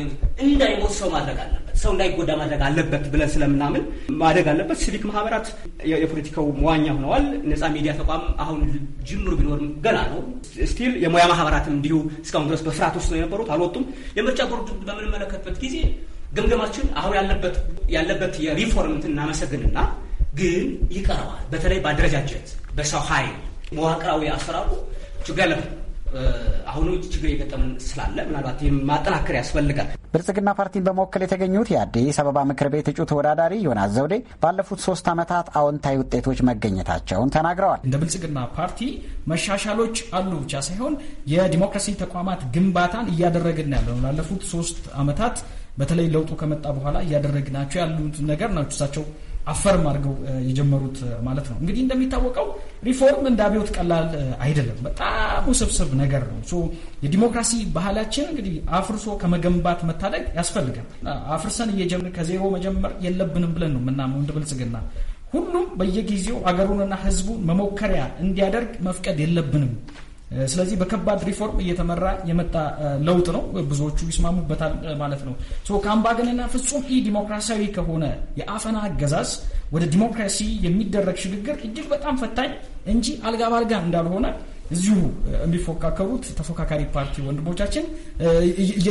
እንዳይሞት ሰው ማድረግ አለበት፣ ሰው እንዳይጎዳ ማድረግ አለበት ብለን ስለምናምን ማድረግ አለበት። ሲቪክ ማህበራት የፖለቲካው መዋኛ ሆነዋል። ነጻ ሚዲያ ተቋም አሁን ጅምሩ ቢኖርም ገና ነው። ስቲል የሙያ ማህበራትም እንዲሁ እስካሁን ድረስ በፍርሃት ውስጥ ነው የነበሩት፣ አልወጡም። የምርጫ ቦርድ በምንመለከትበት ጊዜ ግምገማችን አሁን ያለበት ያለበት የሪፎርም እናመሰግንና ግን ይቀረዋል። በተለይ በአደረጃጀት በሰው ኃይል መዋቅራዊ አሰራሩ ችግር ያለበት አሁኑ ችግር የገጠምን ስላለ ምናልባት ይህም ማጠናከር ያስፈልጋል። ብልጽግና ፓርቲን በመወከል የተገኙት የአዲስ አበባ ምክር ቤት እጩ ተወዳዳሪ ዮናስ ዘውዴ ባለፉት ሶስት ዓመታት አዎንታዊ ውጤቶች መገኘታቸውን ተናግረዋል። እንደ ብልጽግና ፓርቲ መሻሻሎች አሉ ብቻ ሳይሆን የዲሞክራሲ ተቋማት ግንባታን እያደረግን ያለ ነው። ላለፉት ሶስት ዓመታት በተለይ ለውጡ ከመጣ በኋላ እያደረግናቸው ያሉት ነገር ናቸው እሳቸው አፈርም አድርገው የጀመሩት ማለት ነው። እንግዲህ እንደሚታወቀው ሪፎርም እንደ አብዮት ቀላል አይደለም። በጣም ውስብስብ ነገር ነው። የዲሞክራሲ ባህላችን እንግዲህ አፍርሶ ከመገንባት መታደግ ያስፈልጋል። አፍርሰን እየጀመርን ከዜሮ መጀመር የለብንም ብለን ነው ምናምን እንደ ብልጽግና ሁሉም በየጊዜው አገሩንና ሕዝቡን መሞከሪያ እንዲያደርግ መፍቀድ የለብንም ስለዚህ በከባድ ሪፎርም እየተመራ የመጣ ለውጥ ነው። ብዙዎቹ ይስማሙበታል ማለት ነው። ከአምባገነንና ፍጹም ኢ ዲሞክራሲያዊ ከሆነ የአፈና አገዛዝ ወደ ዲሞክራሲ የሚደረግ ሽግግር እጅግ በጣም ፈታኝ እንጂ አልጋ ባልጋ እንዳልሆነ እዚሁ የሚፎካከሩት ተፎካካሪ ፓርቲ ወንድሞቻችን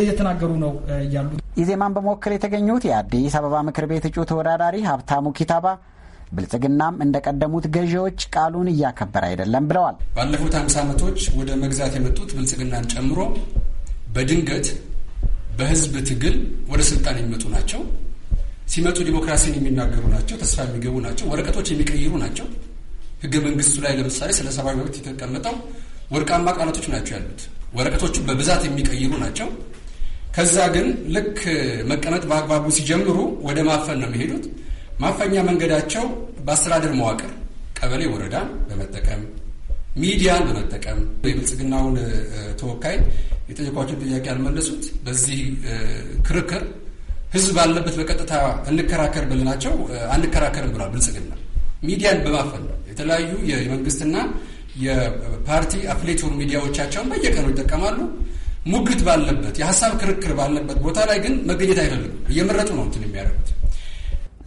እየተናገሩ ነው ያሉት። ኢዜማን በመወከል የተገኙት የአዲስ አበባ ምክር ቤት እጩ ተወዳዳሪ ሀብታሙ ኪታባ ብልጽግናም እንደቀደሙት ገዢዎች ቃሉን እያከበረ አይደለም ብለዋል። ባለፉት አምስት ዓመቶች ወደ መግዛት የመጡት ብልጽግናን ጨምሮ በድንገት በህዝብ ትግል ወደ ስልጣን የሚመጡ ናቸው። ሲመጡ ዲሞክራሲን የሚናገሩ ናቸው፣ ተስፋ የሚገቡ ናቸው፣ ወረቀቶች የሚቀይሩ ናቸው። ህገ መንግስቱ ላይ ለምሳሌ ስለ ሰብአዊ መብት የተቀመጠው ወርቃማ ቃላቶች ናቸው ያሉት። ወረቀቶቹ በብዛት የሚቀይሩ ናቸው። ከዛ ግን ልክ መቀመጥ በአግባቡ ሲጀምሩ ወደ ማፈን ነው የሚሄዱት። ማፈኛ መንገዳቸው በአስተዳደር መዋቅር ቀበሌ፣ ወረዳ በመጠቀም ሚዲያን በመጠቀም የብልጽግናውን ተወካይ የጠየኳቸውን ጥያቄ አልመለሱት በዚህ ክርክር ህዝብ ባለበት በቀጥታ እንከራከር ብለናቸው አንከራከርም ብሏል። ብልጽግና ሚዲያን በማፈን ነው። የተለያዩ የመንግስትና የፓርቲ አፍሌቶር ሚዲያዎቻቸውን በየቀኑ ይጠቀማሉ። ሙግት ባለበት የሀሳብ ክርክር ባለበት ቦታ ላይ ግን መገኘት አይፈልጉም። እየመረጡ ነው እንትን የሚያደርጉት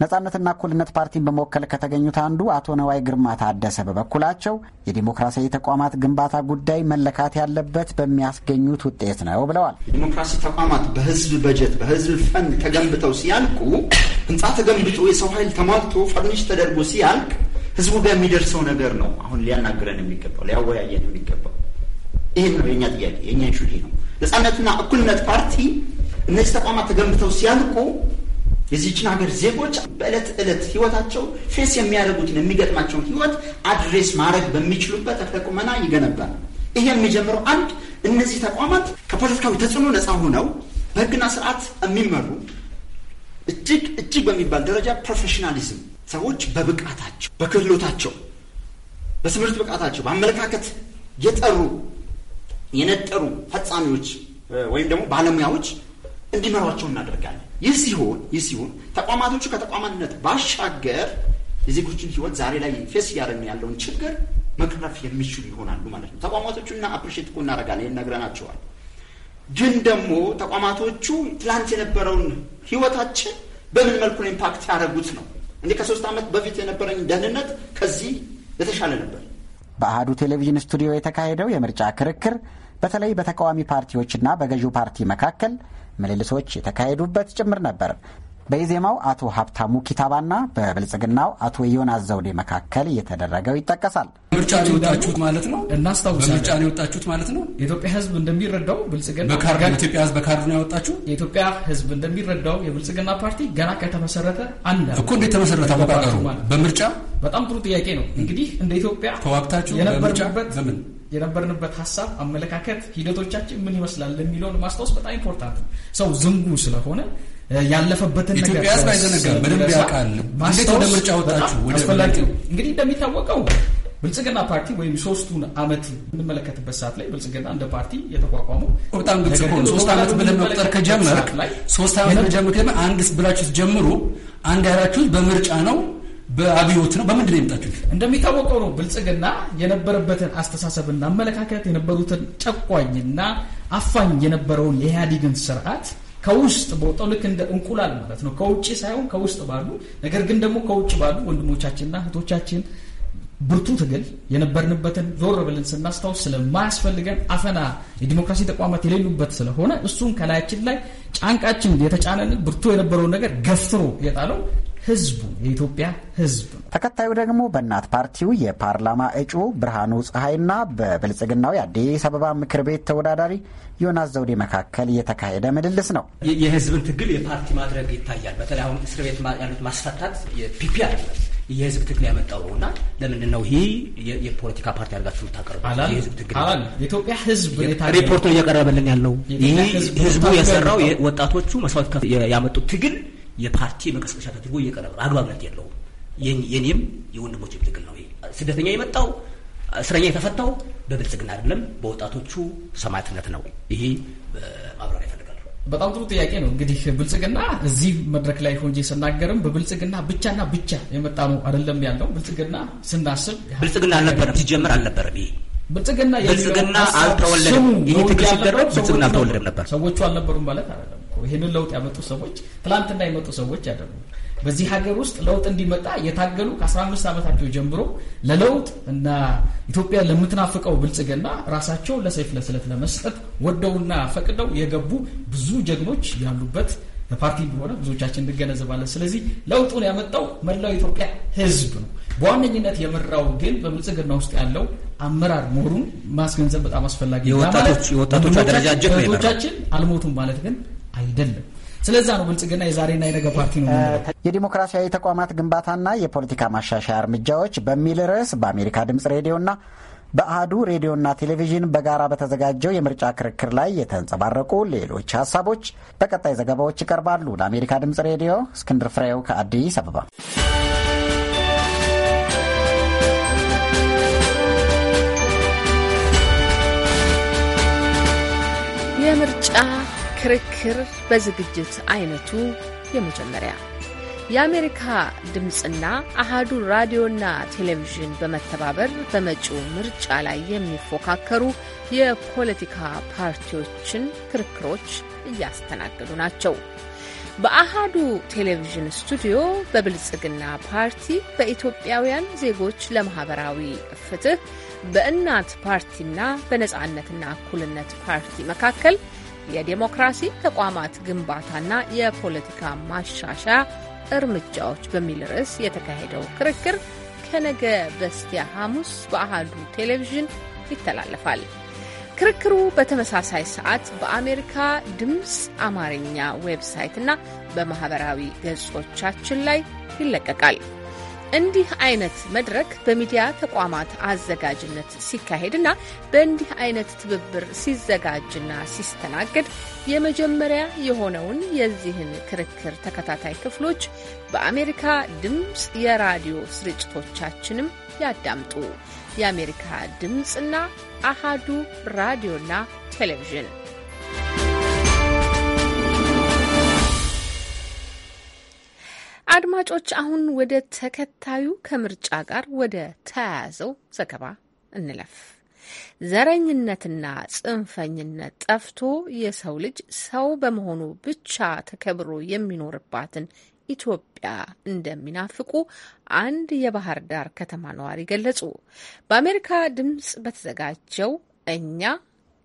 ነጻነትና እኩልነት ፓርቲን በመወከል ከተገኙት አንዱ አቶ ነዋይ ግርማ ታደሰ በበኩላቸው የዲሞክራሲያዊ ተቋማት ግንባታ ጉዳይ መለካት ያለበት በሚያስገኙት ውጤት ነው ብለዋል። የዲሞክራሲ ተቋማት በህዝብ በጀት በህዝብ ፈንድ ተገንብተው ሲያልቁ፣ ህንፃ ተገንብቶ የሰው ኃይል ተሟልቶ ፈርኒሽ ተደርጎ ሲያልቅ ህዝቡ ጋር የሚደርሰው ነገር ነው አሁን ሊያናግረን የሚገባው ሊያወያየን የሚገባው ይህ ነው። የኛ ጥያቄ የኛ ሹ ነው። ነጻነትና እኩልነት ፓርቲ እነዚህ ተቋማት ተገንብተው ሲያልቁ የዚችን ሀገር ዜጎች በዕለት ዕለት ህይወታቸው ፌስ የሚያደርጉትን የሚገጥማቸውን ህይወት አድሬስ ማድረግ በሚችሉበት ተቁመና ይገነባል። ይሄ የሚጀምረው አንድ እነዚህ ተቋማት ከፖለቲካዊ ተጽዕኖ ነፃ ሆነው በህግና ስርዓት የሚመሩ እጅግ እጅግ በሚባል ደረጃ ፕሮፌሽናሊዝም ሰዎች በብቃታቸው፣ በክህሎታቸው፣ በትምህርት ብቃታቸው፣ በአመለካከት የጠሩ የነጠሩ ፈጻሚዎች ወይም ደግሞ ባለሙያዎች እንዲመሯቸው እናደርጋለን። ይህ ሲሆን ይህ ሲሆን ተቋማቶቹ ከተቋማትነት ባሻገር የዜጎችን ህይወት ዛሬ ላይ ፌስ እያደረግን ያለውን ችግር መቅረፍ የሚችሉ ይሆናሉ ማለት ነው። ተቋማቶቹና አፕሪሼት እኮ እናደርጋለን፣ ይነግረናቸዋል። ግን ደግሞ ተቋማቶቹ ትላንት የነበረውን ህይወታችን በምን መልኩ ነው ኢምፓክት ያደረጉት ነው። እንዲህ ከሶስት ዓመት በፊት የነበረኝ ደህንነት ከዚህ የተሻለ ነበር። በአህዱ ቴሌቪዥን ስቱዲዮ የተካሄደው የምርጫ ክርክር በተለይ በተቃዋሚ ፓርቲዎችና በገዢው ፓርቲ መካከል ምልልሶች የተካሄዱበት ጭምር ነበር። በኢዜማው አቶ ሀብታሙ ኪታባና በብልጽግናው አቶ ዮናስ ዘውዴ መካከል የተደረገው ይጠቀሳል። ምርጫ የወጣችሁት ማለት ነው። እናስታውሳለን። ምርጫ የወጣችሁት ማለት ነው። የኢትዮጵያ ሕዝብ እንደሚረዳው ብልጽግና ኢትዮጵያ ሕዝብ በካርድ ነው ያወጣችሁ። የኢትዮጵያ ሕዝብ እንደሚረዳው የብልጽግና ፓርቲ ገና ከተመሰረተ አለ እኮ እንዴት ተመሰረተ? አወቃቀሩ በምርጫ በጣም ጥሩ ጥያቄ ነው። እንግዲህ እንደ ኢትዮጵያ ተዋግታችሁ የነበርበት የነበርንበት ሀሳብ፣ አመለካከት፣ ሂደቶቻችን ምን ይመስላል የሚለውን ማስታወስ በጣም ኢምፖርታንት ነው። ሰው ዝንጉ ስለሆነ ያለፈበትን ኢትዮጵያ ወደ ምርጫ ወጣችሁ? አስፈላጊ ነው እንግዲህ እንደሚታወቀው ብልጽግና ፓርቲ ወይም ሶስቱን አመት የምንመለከትበት ሰዓት ላይ ብልጽግና እንደ ፓርቲ የተቋቋመው በጣም ግልጽ እኮ ነው። ሶስት ዓመት ብለህ መቁጠር ከጀመር ሶስት ዓመት መጀመር አንድ ብላችሁ ጀምሩ አንድ ያላችሁት በምርጫ ነው በአብዮት ነው። በምንድን ነው የመጣችሁት? እንደሚታወቀው ነው ብልጽግና የነበረበትን አስተሳሰብና አመለካከት የነበሩትን ጨቋኝና አፋኝ የነበረውን የኢህአዴግን ስርዓት ከውስጥ በወጣው ልክ እንደ እንቁላል ማለት ነው። ከውጭ ሳይሆን ከውስጥ ባሉ ነገር ግን ደግሞ ከውጭ ባሉ ወንድሞቻችንና እህቶቻችን ብርቱ ትግል የነበርንበትን ዞር ብለን ስናስታውስ ስለማያስፈልገን አፈና የዲሞክራሲ ተቋማት የሌሉበት ስለሆነ እሱን ከላያችን ላይ ጫንቃችን የተጫነንን ብርቱ የነበረውን ነገር ገፍሮ የጣለው ህዝቡ የኢትዮጵያ ህዝብ ነው። ተከታዩ ደግሞ በእናት ፓርቲው የፓርላማ እጩ ብርሃኑ ፀሐይና በብልጽግናው የአዲስ አበባ ምክር ቤት ተወዳዳሪ ዮናስ ዘውዴ መካከል እየተካሄደ ምልልስ ነው። የህዝብን ትግል የፓርቲ ማድረግ ይታያል። በተለይ አሁን እስር ቤት ያሉት ማስፈታት የፒፒ አለ የህዝብ ትግል ያመጣው ነውና ለምንድን ነው ይህ የፖለቲካ ፓርቲ አድርጋችሁ የምታቀርበው? የህዝብ የኢትዮጵያ ህዝብ ሪፖርት እያቀረበልን ያለው ይህ ህዝቡ የሰራው ወጣቶቹ መስዋዕት ያመጡት ትግል የፓርቲ መቀስቀሻ ተደርጎ እየቀረበ አግባብነት የለውም። የኔም የወንድሞች ትክክል ነው። ስደተኛ የመጣው እስረኛ የተፈታው በብልጽግና አይደለም፣ በወጣቶቹ ሰማዕትነት ነው። ይሄ ማብራሪያ ይፈልጋል። በጣም ጥሩ ጥያቄ ነው። እንግዲህ ብልጽግና እዚህ መድረክ ላይ ሆን ስናገርም በብልጽግና ብቻና ብቻ የመጣ ነው አይደለም ያለው። ብልጽግና ስናስብ ብልጽግና አልነበረም፣ ሲጀምር አልነበረም። ይሄ ብልጽግና ብልጽግና አልተወለደም። ይሄ ትግል ሲደረግ ብልጽግና አልተወለደም ነበር። ሰዎቹ አልነበሩም ማለት አይደለም። ይህንን ለውጥ ያመጡ ሰዎች ትላንትና የመጡ ሰዎች አይደሉም። በዚህ ሀገር ውስጥ ለውጥ እንዲመጣ የታገሉ ከ15 ዓመታቸው ጀምሮ ለለውጥ እና ኢትዮጵያ ለምትናፍቀው ብልጽግና ራሳቸውን ለሰይፍ ለስለት ለመስጠት ወደውና ፈቅደው የገቡ ብዙ ጀግኖች ያሉበት ፓርቲ እንደሆነ ብዙዎቻችን እንገነዘባለን። ስለዚህ ለውጡን ያመጣው መላው ኢትዮጵያ ሕዝብ ነው። በዋነኝነት የመራው ግን በብልጽግና ውስጥ ያለው አመራር መሆኑን ማስገንዘብ በጣም አስፈላጊ ነው። የወጣቶች አልሞቱም ማለት ግን አይደለም። ስለዛ ነው ብልጽግና የዛሬና የነገ ፓርቲ ነው። የዲሞክራሲያዊ ተቋማት ግንባታና የፖለቲካ ማሻሻያ እርምጃዎች በሚል ርዕስ በአሜሪካ ድምጽ ሬዲዮና በአህዱ ሬዲዮና ቴሌቪዥን በጋራ በተዘጋጀው የምርጫ ክርክር ላይ የተንጸባረቁ ሌሎች ሀሳቦች በቀጣይ ዘገባዎች ይቀርባሉ። ለአሜሪካ ድምጽ ሬዲዮ እስክንድር ፍሬው ከአዲስ አበባ። የምርጫ ክርክር በዝግጅት አይነቱ የመጀመሪያ የአሜሪካ ድምፅና አሃዱ ራዲዮና ቴሌቪዥን በመተባበር በመጪው ምርጫ ላይ የሚፎካከሩ የፖለቲካ ፓርቲዎችን ክርክሮች እያስተናገዱ ናቸው። በአሃዱ ቴሌቪዥን ስቱዲዮ በብልጽግና ፓርቲ፣ በኢትዮጵያውያን ዜጎች ለማህበራዊ ፍትህ፣ በእናት ፓርቲና በነፃነትና እኩልነት ፓርቲ መካከል የዴሞክራሲ ተቋማት ግንባታና የፖለቲካ ማሻሻያ እርምጃዎች በሚል ርዕስ የተካሄደው ክርክር ከነገ በስቲያ ሐሙስ በአህዱ ቴሌቪዥን ይተላለፋል። ክርክሩ በተመሳሳይ ሰዓት በአሜሪካ ድምፅ አማርኛ ዌብሳይትና በማኅበራዊ ገጾቻችን ላይ ይለቀቃል። እንዲህ አይነት መድረክ በሚዲያ ተቋማት አዘጋጅነት ሲካሄድና በእንዲህ አይነት ትብብር ሲዘጋጅና ሲስተናገድ የመጀመሪያ የሆነውን የዚህን ክርክር ተከታታይ ክፍሎች በአሜሪካ ድምፅ የራዲዮ ስርጭቶቻችንም ያዳምጡ። የአሜሪካ ድምፅና አሃዱ ራዲዮና ቴሌቪዥን አድማጮች፣ አሁን ወደ ተከታዩ ከምርጫ ጋር ወደ ተያያዘው ዘገባ እንለፍ። ዘረኝነትና ጽንፈኝነት ጠፍቶ የሰው ልጅ ሰው በመሆኑ ብቻ ተከብሮ የሚኖርባትን ኢትዮጵያ እንደሚናፍቁ አንድ የባህር ዳር ከተማ ነዋሪ ገለጹ። በአሜሪካ ድምፅ በተዘጋጀው እኛ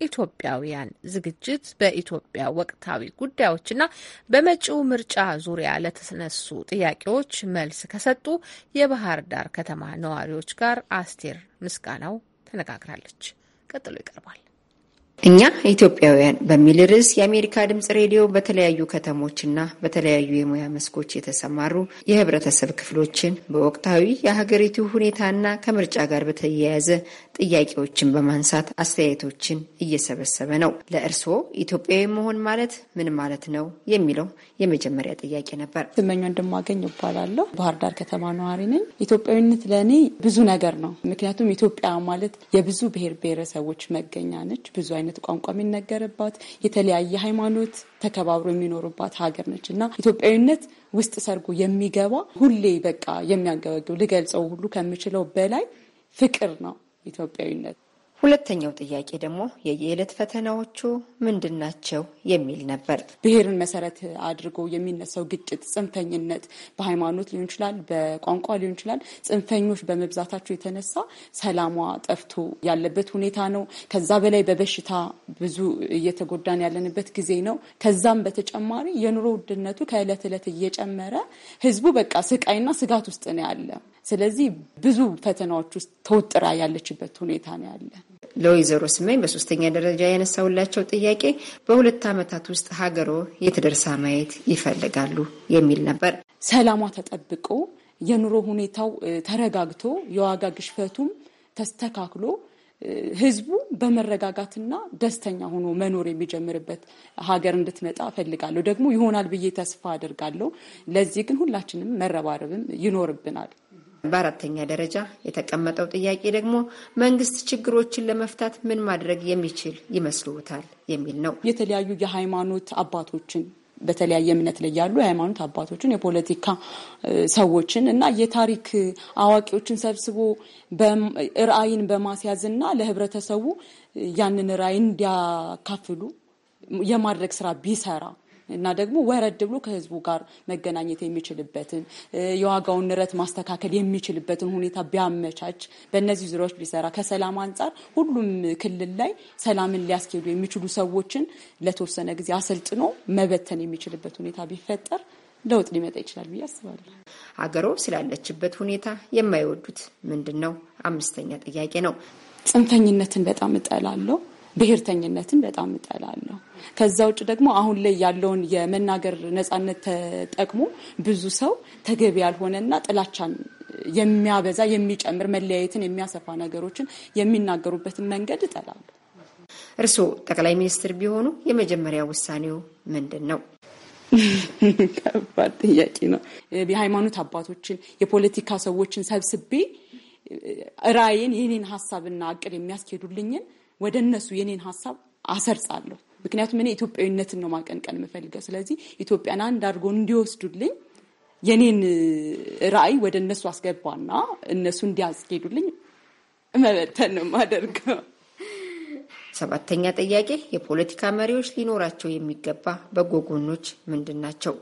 ኢትዮጵያውያን ዝግጅት በኢትዮጵያ ወቅታዊ ጉዳዮችና በመጪው ምርጫ ዙሪያ ለተነሱ ጥያቄዎች መልስ ከሰጡ የባህር ዳር ከተማ ነዋሪዎች ጋር አስቴር ምስጋናው ተነጋግራለች። ቀጥሎ ይቀርባል። እኛ ኢትዮጵያውያን በሚል ርዕስ የአሜሪካ ድምጽ ሬዲዮ በተለያዩ ከተሞችና በተለያዩ የሙያ መስኮች የተሰማሩ የህብረተሰብ ክፍሎችን በወቅታዊ የሀገሪቱ ሁኔታና ከምርጫ ጋር በተያያዘ ጥያቄዎችን በማንሳት አስተያየቶችን እየሰበሰበ ነው። ለእርስዎ ኢትዮጵያዊ መሆን ማለት ምን ማለት ነው የሚለው የመጀመሪያ ጥያቄ ነበር። ስመኝ ወንድማገኝ እባላለሁ። ባህር ዳር ከተማ ነዋሪ ነኝ። ኢትዮጵያዊነት ለእኔ ብዙ ነገር ነው። ምክንያቱም ኢትዮጵያ ማለት የብዙ ብሔር ብሔረሰቦች መገኛ ነች። ብዙ አይነት አይነት ቋንቋ የሚነገርባት የተለያየ ሃይማኖት ተከባብሮ የሚኖሩባት ሀገር ነች እና ኢትዮጵያዊነት ውስጥ ሰርጎ የሚገባ ሁሌ በቃ የሚያገበግብ ልገልጸው ሁሉ ከምችለው በላይ ፍቅር ነው ኢትዮጵያዊነት። ሁለተኛው ጥያቄ ደግሞ የየዕለት ፈተናዎቹ ምንድን ናቸው የሚል ነበር። ብሔርን መሰረት አድርጎ የሚነሳው ግጭት፣ ጽንፈኝነት በሃይማኖት ሊሆን ይችላል፣ በቋንቋ ሊሆን ይችላል። ጽንፈኞች በመብዛታቸው የተነሳ ሰላሟ ጠፍቶ ያለበት ሁኔታ ነው። ከዛ በላይ በበሽታ ብዙ እየተጎዳን ያለንበት ጊዜ ነው። ከዛም በተጨማሪ የኑሮ ውድነቱ ከዕለት ዕለት እየጨመረ ህዝቡ በቃ ስቃይና ስጋት ውስጥ ነው ያለ። ስለዚህ ብዙ ፈተናዎች ውስጥ ተወጥራ ያለችበት ሁኔታ ነው ያለ ለወይዘሮ ስመኝ በሶስተኛ ደረጃ ያነሳውላቸው ጥያቄ በሁለት ዓመታት ውስጥ ሀገሮ የተደርሳ ማየት ይፈልጋሉ የሚል ነበር። ሰላሟ ተጠብቆ የኑሮ ሁኔታው ተረጋግቶ የዋጋ ግሽፈቱም ተስተካክሎ ህዝቡ በመረጋጋትና ደስተኛ ሆኖ መኖር የሚጀምርበት ሀገር እንድትመጣ እፈልጋለሁ። ደግሞ ይሆናል ብዬ ተስፋ አድርጋለሁ። ለዚህ ግን ሁላችንም መረባረብም ይኖርብናል። በአራተኛ ደረጃ የተቀመጠው ጥያቄ ደግሞ መንግስት ችግሮችን ለመፍታት ምን ማድረግ የሚችል ይመስልዎታል የሚል ነው። የተለያዩ የሃይማኖት አባቶችን በተለያየ እምነት ላይ ያሉ የሃይማኖት አባቶችን፣ የፖለቲካ ሰዎችን እና የታሪክ አዋቂዎችን ሰብስቦ ራዕይን በማስያዝ እና ለህብረተሰቡ ያንን ራዕይ እንዲያካፍሉ የማድረግ ስራ ቢሰራ እና ደግሞ ወረድ ብሎ ከህዝቡ ጋር መገናኘት የሚችልበትን የዋጋውን ንረት ማስተካከል የሚችልበትን ሁኔታ ቢያመቻች፣ በእነዚህ ዙሪያዎች ቢሰራ ከሰላም አንጻር ሁሉም ክልል ላይ ሰላምን ሊያስኬዱ የሚችሉ ሰዎችን ለተወሰነ ጊዜ አሰልጥኖ መበተን የሚችልበት ሁኔታ ቢፈጠር ለውጥ ሊመጣ ይችላል ብዬ አስባለሁ። ሀገሮ ስላለችበት ሁኔታ የማይወዱት ምንድን ነው? አምስተኛ ጥያቄ ነው። ጽንፈኝነትን በጣም እጠላለሁ። ብሔርተኝነትን በጣም እጠላለሁ። ከዛ ውጭ ደግሞ አሁን ላይ ያለውን የመናገር ነጻነት ተጠቅሞ ብዙ ሰው ተገቢ ያልሆነና ጥላቻን የሚያበዛ የሚጨምር መለያየትን የሚያሰፋ ነገሮችን የሚናገሩበትን መንገድ እጠላለሁ። እርስዎ ጠቅላይ ሚኒስትር ቢሆኑ የመጀመሪያ ውሳኔው ምንድን ነው? ከባድ ጥያቄ ነው። የሃይማኖት አባቶችን፣ የፖለቲካ ሰዎችን ሰብስቤ ራይን ይህንን ሀሳብና እቅድ የሚያስኬዱልኝን ወደ እነሱ የኔን ሀሳብ አሰርጻለሁ። ምክንያቱም እኔ ኢትዮጵያዊነትን ነው ማቀንቀን የምፈልገው። ስለዚህ ኢትዮጵያን አንድ አድርጎ እንዲወስዱልኝ የኔን ራዕይ ወደ እነሱ አስገባና እነሱ እንዲያስኬዱልኝ መበተን ነው የማደርገው። ሰባተኛ ጥያቄ የፖለቲካ መሪዎች ሊኖራቸው የሚገባ በጎ ጎኖች ምንድን ናቸው?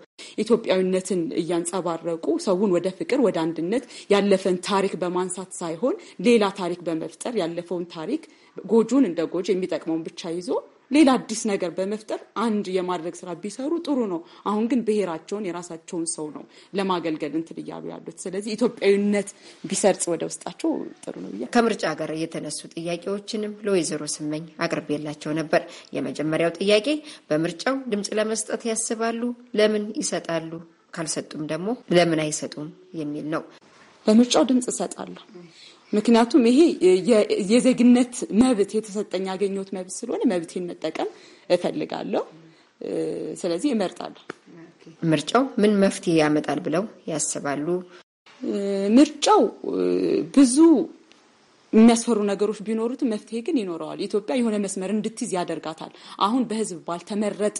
ኢትዮጵያዊነትን እያንጸባረቁ ሰውን ወደ ፍቅር፣ ወደ አንድነት ያለፈን ታሪክ በማንሳት ሳይሆን ሌላ ታሪክ በመፍጠር ያለፈውን ታሪክ ጎጁን እንደ ጎጅ የሚጠቅመውን ብቻ ይዞ ሌላ አዲስ ነገር በመፍጠር አንድ የማድረግ ስራ ቢሰሩ ጥሩ ነው። አሁን ግን ብሔራቸውን የራሳቸውን ሰው ነው ለማገልገል እንትን እያሉ ያሉት። ስለዚህ ኢትዮጵያዊነት ቢሰርጽ ወደ ውስጣቸው ጥሩ ነው ብያ ከምርጫ ጋር የተነሱ ጥያቄዎችንም ለወይዘሮ ስመኝ አቅርቤላቸው ነበር። የመጀመሪያው ጥያቄ በምርጫው ድምፅ ለመስጠት ያስባሉ? ለምን ይሰጣሉ? ካልሰጡም ደግሞ ለምን አይሰጡም የሚል ነው። በምርጫው ድምፅ እሰጣለሁ ምክንያቱም ይሄ የዜግነት መብት የተሰጠኝ ያገኘሁት መብት ስለሆነ መብቴን መጠቀም እፈልጋለሁ። ስለዚህ እመርጣለሁ። ምርጫው ምን መፍትሄ ያመጣል ብለው ያስባሉ? ምርጫው ብዙ የሚያስፈሩ ነገሮች ቢኖሩትም መፍትሄ ግን ይኖረዋል። ኢትዮጵያ የሆነ መስመር እንድትይዝ ያደርጋታል። አሁን በህዝብ ባልተመረጠ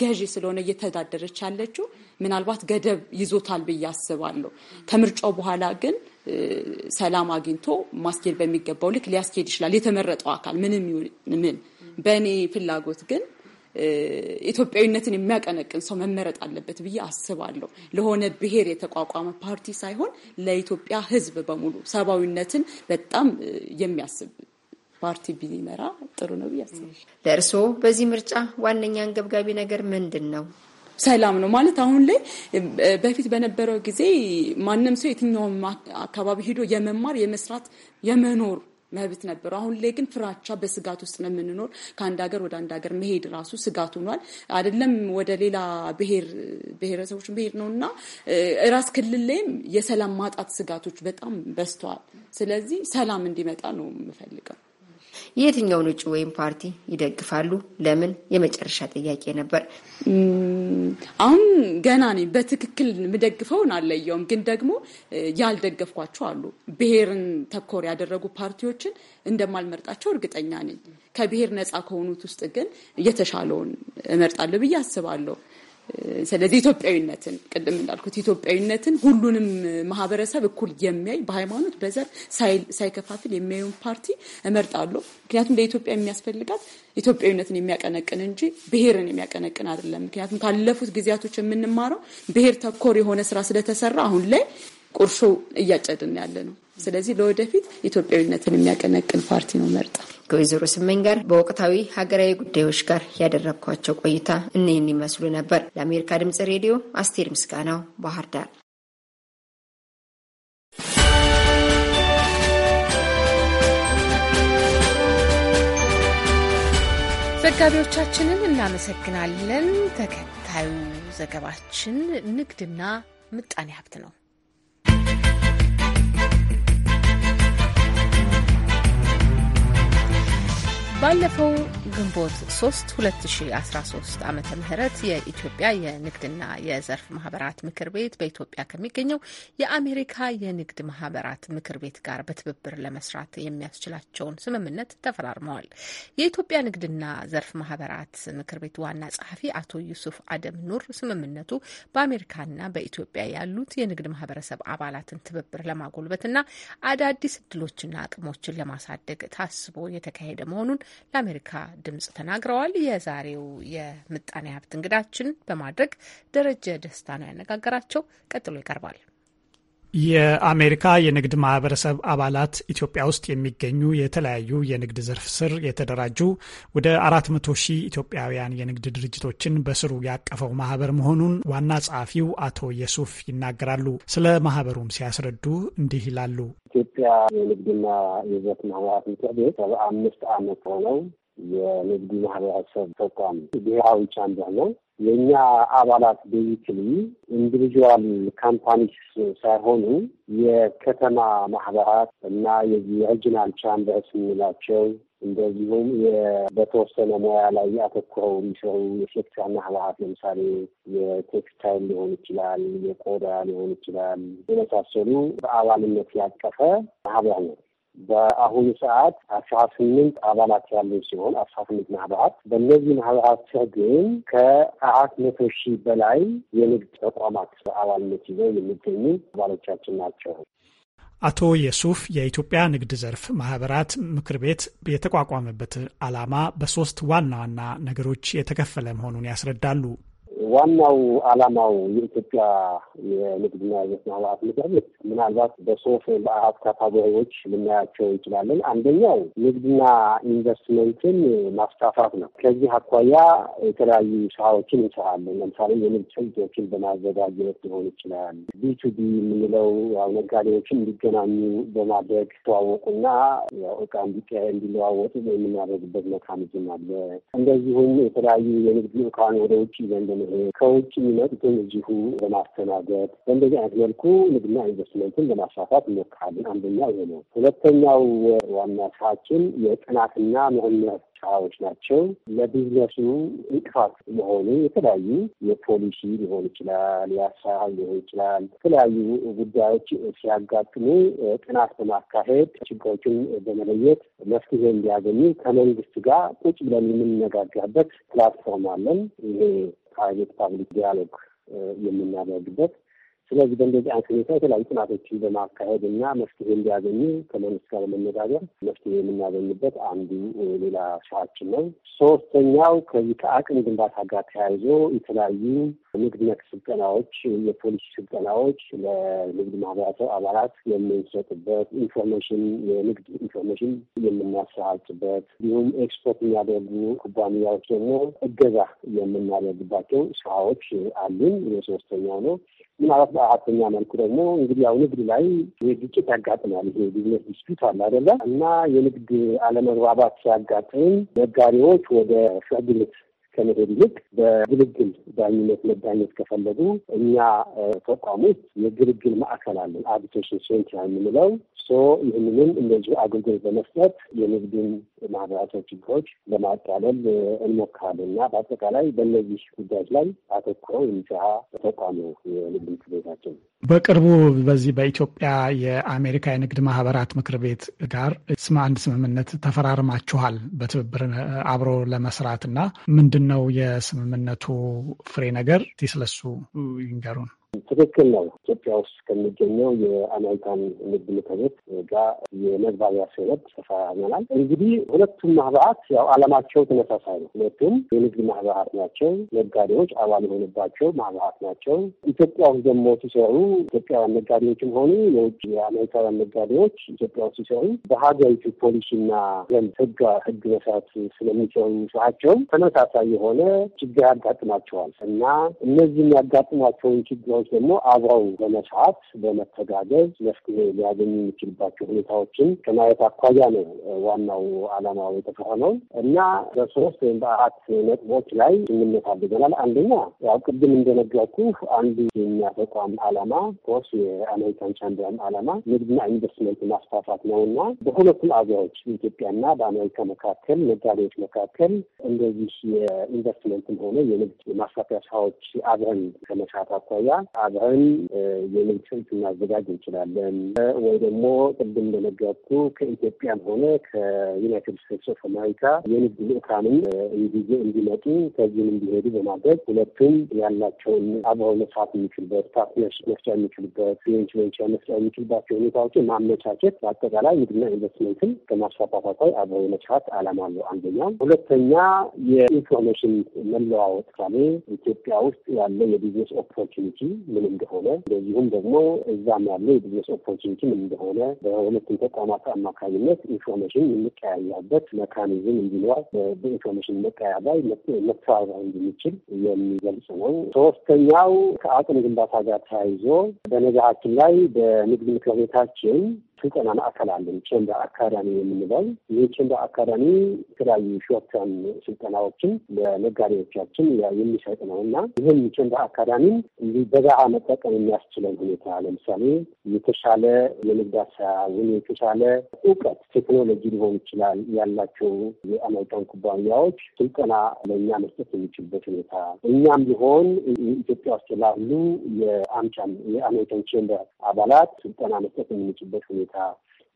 ገዢ ስለሆነ እየተዳደረች ያለችው ምናልባት ገደብ ይዞታል ብዬ አስባለሁ። ከምርጫው በኋላ ግን ሰላም አግኝቶ ማስኬድ በሚገባው ልክ ሊያስኬድ ይችላል የተመረጠው አካል ምንም ይሁን ምን። በእኔ ፍላጎት ግን ኢትዮጵያዊነትን የሚያቀነቅን ሰው መመረጥ አለበት ብዬ አስባለሁ። ለሆነ ብሔር የተቋቋመ ፓርቲ ሳይሆን ለኢትዮጵያ ሕዝብ በሙሉ ሰብአዊነትን በጣም የሚያስብ ፓርቲ ቢመራ ጥሩ ነው ብዬ አስባለሁ። ለእርስዎ በዚህ ምርጫ ዋነኛ አንገብጋቢ ነገር ምንድን ነው? ሰላም ነው ማለት አሁን ላይ በፊት በነበረው ጊዜ ማንም ሰው የትኛውም አካባቢ ሄዶ የመማር የመስራት የመኖር መብት ነበሩ። አሁን ላይ ግን ፍራቻ በስጋት ውስጥ ነው የምንኖር። ከአንድ ሀገር ወደ አንድ ሀገር መሄድ ራሱ ስጋት ሆኗል። አይደለም ወደ ሌላ ብሄር ብሄረሰቦች ብሄር ነው እና ራስ ክልል ላይም የሰላም ማጣት ስጋቶች በጣም በዝተዋል። ስለዚህ ሰላም እንዲመጣ ነው የምፈልገው። የትኛውን እጩ ወይም ፓርቲ ይደግፋሉ? ለምን? የመጨረሻ ጥያቄ ነበር። አሁን ገና ነኝ። በትክክል የምደግፈውን አለየውም፣ ግን ደግሞ ያልደገፍኳቸው አሉ። ብሔርን ተኮር ያደረጉ ፓርቲዎችን እንደማልመርጣቸው እርግጠኛ ነኝ። ከብሔር ነፃ ከሆኑት ውስጥ ግን የተሻለውን እመርጣለሁ ብዬ አስባለሁ። ስለዚህ ኢትዮጵያዊነትን ቅድም እንዳልኩት ኢትዮጵያዊነትን ሁሉንም ማህበረሰብ እኩል የሚያይ በሃይማኖት በዘር ሳይከፋፍል የሚያዩን ፓርቲ እመርጣለሁ። ምክንያቱም ለኢትዮጵያ የሚያስፈልጋት ኢትዮጵያዊነትን የሚያቀነቅን እንጂ ብሔርን የሚያቀነቅን አይደለም። ምክንያቱም ካለፉት ጊዜያቶች የምንማረው ብሔር ተኮር የሆነ ስራ ስለተሰራ አሁን ላይ ቁርሾ እያጨድን ያለ ነው። ስለዚህ ለወደፊት ኢትዮጵያዊነትን የሚያቀነቅን ፓርቲ ነው መርጣ ከወይዘሮ ስመኝ ጋር በወቅታዊ ሀገራዊ ጉዳዮች ጋር ያደረግኳቸው ቆይታ እነህን ይመስሉ ነበር። ለአሜሪካ ድምጽ ሬዲዮ አስቴር ምስጋናው ባህር ዳር። ዘጋቢዎቻችንን እናመሰግናለን። ተከታዩ ዘገባችን ንግድና ምጣኔ ሀብት ነው። ባለፈው ግንቦት 3 2013 ዓ ም የኢትዮጵያ የንግድና የዘርፍ ማህበራት ምክር ቤት በኢትዮጵያ ከሚገኘው የአሜሪካ የንግድ ማህበራት ምክር ቤት ጋር በትብብር ለመስራት የሚያስችላቸውን ስምምነት ተፈራርመዋል። የኢትዮጵያ ንግድና ዘርፍ ማህበራት ምክር ቤት ዋና ጸሐፊ አቶ ዩሱፍ አደም ኑር ስምምነቱ በአሜሪካና በኢትዮጵያ ያሉት የንግድ ማህበረሰብ አባላትን ትብብር ለማጎልበትና አዳዲስ እድሎችና አቅሞችን ለማሳደግ ታስቦ የተካሄደ መሆኑን ለአሜሪካ ድምጽ ተናግረዋል። የዛሬው የምጣኔ ሀብት እንግዳችን በማድረግ ደረጀ ደስታ ነው ያነጋገራቸው። ቀጥሎ ይቀርባል። የአሜሪካ የንግድ ማህበረሰብ አባላት ኢትዮጵያ ውስጥ የሚገኙ የተለያዩ የንግድ ዘርፍ ስር የተደራጁ ወደ መቶ ሺህ ኢትዮጵያውያን የንግድ ድርጅቶችን በስሩ ያቀፈው ማህበር መሆኑን ዋና ጸሐፊው አቶ የሱፍ ይናገራሉ። ስለ ማህበሩም ሲያስረዱ እንዲህ ይላሉ። ኢትዮጵያ የንግድና የዘርፍ ማህበራት ምክር ቤት ሰባ አምስት ሆነው የንግዱ ማህበረሰብ ተቋም ብሔራዊ ቻምበር ነው። የእኛ አባላት ቤዚክሊ ኢንዲቪዥዋል ካምፓኒስ ሳይሆኑ የከተማ ማህበራት እና የሪጅናል ቻምበርስ የምንላቸው እንደዚሁም በተወሰነ ሙያ ላይ ያተኮረው የሚሰሩ የሴክተር ማህበራት ለምሳሌ የቴክስታይል ሊሆን ይችላል፣ የቆዳ ሊሆን ይችላል፣ የመሳሰሉ በአባልነት ያቀፈ ማህበር ነው። በአሁኑ ሰዓት አስራ ስምንት አባላት ያሉ ሲሆን አስራ ስምንት ማህበራት በእነዚህ ማህበራት ስር ግን ከአራት መቶ ሺህ በላይ የንግድ ተቋማት በአባልነት ይዘው የሚገኙ አባሎቻችን ናቸው። አቶ የሱፍ የኢትዮጵያ ንግድ ዘርፍ ማህበራት ምክር ቤት የተቋቋመበት ዓላማ በሶስት ዋና ዋና ነገሮች የተከፈለ መሆኑን ያስረዳሉ። ዋናው ዓላማው የኢትዮጵያ የንግድና የዘርፍ ማህበራት ምክር ቤት ምናልባት በሶስት በአራት ካታጎሪዎች ልናያቸው ይችላለን። አንደኛው ንግድና ኢንቨስትመንትን ማስፋፋት ነው። ከዚህ አኳያ የተለያዩ ስራዎችን እንሰራለን። ለምሳሌ የንግድ ስልቶችን በማዘጋጀት ሊሆን ይችላል። ቢቱቢ የምንለው ያው ነጋዴዎችን እንዲገናኙ በማድረግ ተዋወቁና እቃ እንዲቀ እንዲለዋወጡ የምናደርግበት መካኒዝም አለ። እንደዚሁም የተለያዩ የንግድ ልዑካን ወደ ውጭ ዘንድ ከውጭ የሚመጡትን እዚሁ በማስተናገድ በእንደዚህ አይነት መልኩ ንግድና ኢንቨስትመንትን ለማስፋፋት እንሞክራለን። አንደኛው ይሄ ነው። ሁለተኛው ዋና ስራችን የጥናትና ምርምር ስራዎች ናቸው። ለቢዝነሱ እንቅፋት መሆኑ የተለያዩ የፖሊሲ ሊሆን ይችላል፣ የአሰራር ሊሆን ይችላል። የተለያዩ ጉዳዮች ሲያጋጥሙ ጥናት በማካሄድ ችግሮችን በመለየት መፍትሄ እንዲያገኙ ከመንግስት ጋር ቁጭ ብለን የምንነጋገርበት ፕላትፎርም አለን። ይሄ ፕራይቬት ፓብሊክ ዲያሎግ የምናደርግበት ስለዚህ በእንደዚህ አይነት ሁኔታ የተለያዩ ጥናቶችን በማካሄድ እና መፍትሄ እንዲያገኙ ከመንግስት ጋር በመነጋገር መፍትሄ የምናገኝበት አንዱ ሌላ ስራችን ነው። ሶስተኛው ከዚህ ከአቅም ግንባታ ጋር ተያይዞ የተለያዩ ንግድ ነክ ስልጠናዎች፣ የፖሊሲ ስልጠናዎች ለንግድ ማህበረሰብ አባላት የምንሰጥበት ኢንፎርሜሽን፣ የንግድ ኢንፎርሜሽን የምናሰራጭበት እንዲሁም ኤክስፖርት የሚያደርጉ ኩባንያዎች ደግሞ እገዛ የምናደርግባቸው ስራዎች አሉን። የሶስተኛው ነው ምናልባት በአተኛ መልኩ ደግሞ እንግዲህ ያው ንግድ ላይ ይሄ ግጭት ያጋጥማል። ይሄ ቢዝነስ ዲስፒት አለ አይደለ እና የንግድ አለመግባባት ሲያጋጥም ነጋዴዎች ወደ ፍርድ ቤት ከመሄድ ይልቅ በግልግል ዳኝነት መዳኘት ከፈለጉ እኛ ተቋም ውስጥ የግልግል ማዕከል አለን፣ አዲቴሽን ሴንትር የምንለው ሶ ይህንንም እንደዚሁ አገልግሎት በመስጠት የንግድን ማህበራቸው ችግሮች ለማቃለል እንሞክራለን እና በአጠቃላይ በእነዚህ ጉዳዮች ላይ አተኩረው የሚሰራ ተቋም ነው የንግድ ምክር ቤታችን። በቅርቡ በዚህ በኢትዮጵያ የአሜሪካ የንግድ ማህበራት ምክር ቤት ጋር ስም አንድ ስምምነት ተፈራርማችኋል በትብብር አብሮ ለመስራት እና ምንድን ነው የስምምነቱ ፍሬ ነገር? ስለሱ ይንገሩን። ትክክል ነው። ኢትዮጵያ ውስጥ ከሚገኘው የአሜሪካን ንግድ ምክር ቤት ጋር የመግባቢያ ሰነድ ተፈራርመናል። እንግዲህ ሁለቱም ማህበራት ያው አላማቸው ተመሳሳይ ነው። ሁለቱም የንግድ ማህበራት ናቸው። ነጋዴዎች አባል የሆኑባቸው ማህበራት ናቸው። ኢትዮጵያ ውስጥ ደግሞ ሲሰሩ ኢትዮጵያውያን ነጋዴዎችም ሆኑ የውጭ የአሜሪካውያን ነጋዴዎች ኢትዮጵያ ውስጥ ሲሰሩ በሀገሪቱ ፖሊሲና ዘንድ ህግ ህግ መሰረት ስለሚሰሩ ስራቸውም ተመሳሳይ የሆነ ችግር ያጋጥማቸዋል እና እነዚህ የሚያጋጥሟቸውን ችግር ሰዎች ደግሞ አብረው በመስራት በመተጋገዝ መፍትሄ ሊያገኙ የሚችልባቸው ሁኔታዎችን ከማየት አኳያ ነው ዋናው ዓላማው የተፈረመው እና በሶስት ወይም በአራት ነጥቦች ላይ ስምምነት አድርገናል። አንደኛ ያው ቅድም እንደነገርኩ አንዱ የኛ ተቋም ዓላማ ኮርስ የአሜሪካን ቻምቢያን ዓላማ ንግድና ኢንቨስትመንት ማስፋፋት ነው እና በሁለቱም አገሮች በኢትዮጵያና በአሜሪካ መካከል ነጋዴዎች መካከል እንደዚህ የኢንቨስትመንትም ሆነ የንግድ ማስፋፊያ ስራዎች አብረን ከመስራት አኳያ አብረን የንግድ ስልት እንችላለን ወይ ደግሞ ቅድም እንደነገርኩ ከኢትዮጵያም ሆነ ከዩናይትድ ስቴትስ ኦፍ አሜሪካ የንግድ ልኡካንም እንዲዜ እንዲመጡ ከዚህም እንዲሄዱ በማድረግ ሁለቱም ያላቸውን አብረው መስራት የሚችልበት ፓርትነርሽፕ መፍጫ የሚችልበት ሌንች ቬንቸር መስጫ የሚችልባቸው ሁኔታዎችን ማመቻቸት በአጠቃላይ ንግድና ኢንቨስትመንትን ከማስፋፋት አኳያ አብረው የመስራት ዓላማ አለው አንደኛው። ሁለተኛ የኢንፎርሜሽን መለዋወጥ ካሜ ኢትዮጵያ ውስጥ ያለ የቢዝነስ ኦፖርቹኒቲ ምን እንደሆነ እንደዚሁም ደግሞ እዛም ያለው የቢዝነስ ኦፖርቹኒቲ ምን እንደሆነ በሁለቱም ተቋማት አማካኝነት ኢንፎርሜሽን የምንቀያያበት መካኒዝም እንዲኖር በኢንፎርሜሽን መቀያ ላይ መተባበር እንድንችል የሚገልጽ ነው። ሶስተኛው ከአቅም ግንባታ ጋር ተያይዞ በነገራችን ላይ በንግድ ምክር ቤታችን ስልጠና ማዕከል አለን፣ ቼምበር አካዳሚ የምንለው። ይህ ቼምበር አካዳሚ የተለያዩ ሾርተርም ስልጠናዎችን ለነጋዴዎቻችን የሚሰጥ ነው እና ይህም ቼምበር አካዳሚን እንዲህ በጋራ መጠቀም የሚያስችለን ሁኔታ ለምሳሌ የተሻለ የንግድ አሰራሩን የተሻለ እውቀት ቴክኖሎጂ ሊሆን ይችላል ያላቸው የአሜሪካን ኩባንያዎች ስልጠና ለእኛ መስጠት የሚችልበት ሁኔታ እኛም ቢሆን ኢትዮጵያ ውስጥ ላሉ የአምቻም የአሜሪካን ቼምበር አባላት ስልጠና መስጠት የምንችልበት ሁኔታ ሁኔታ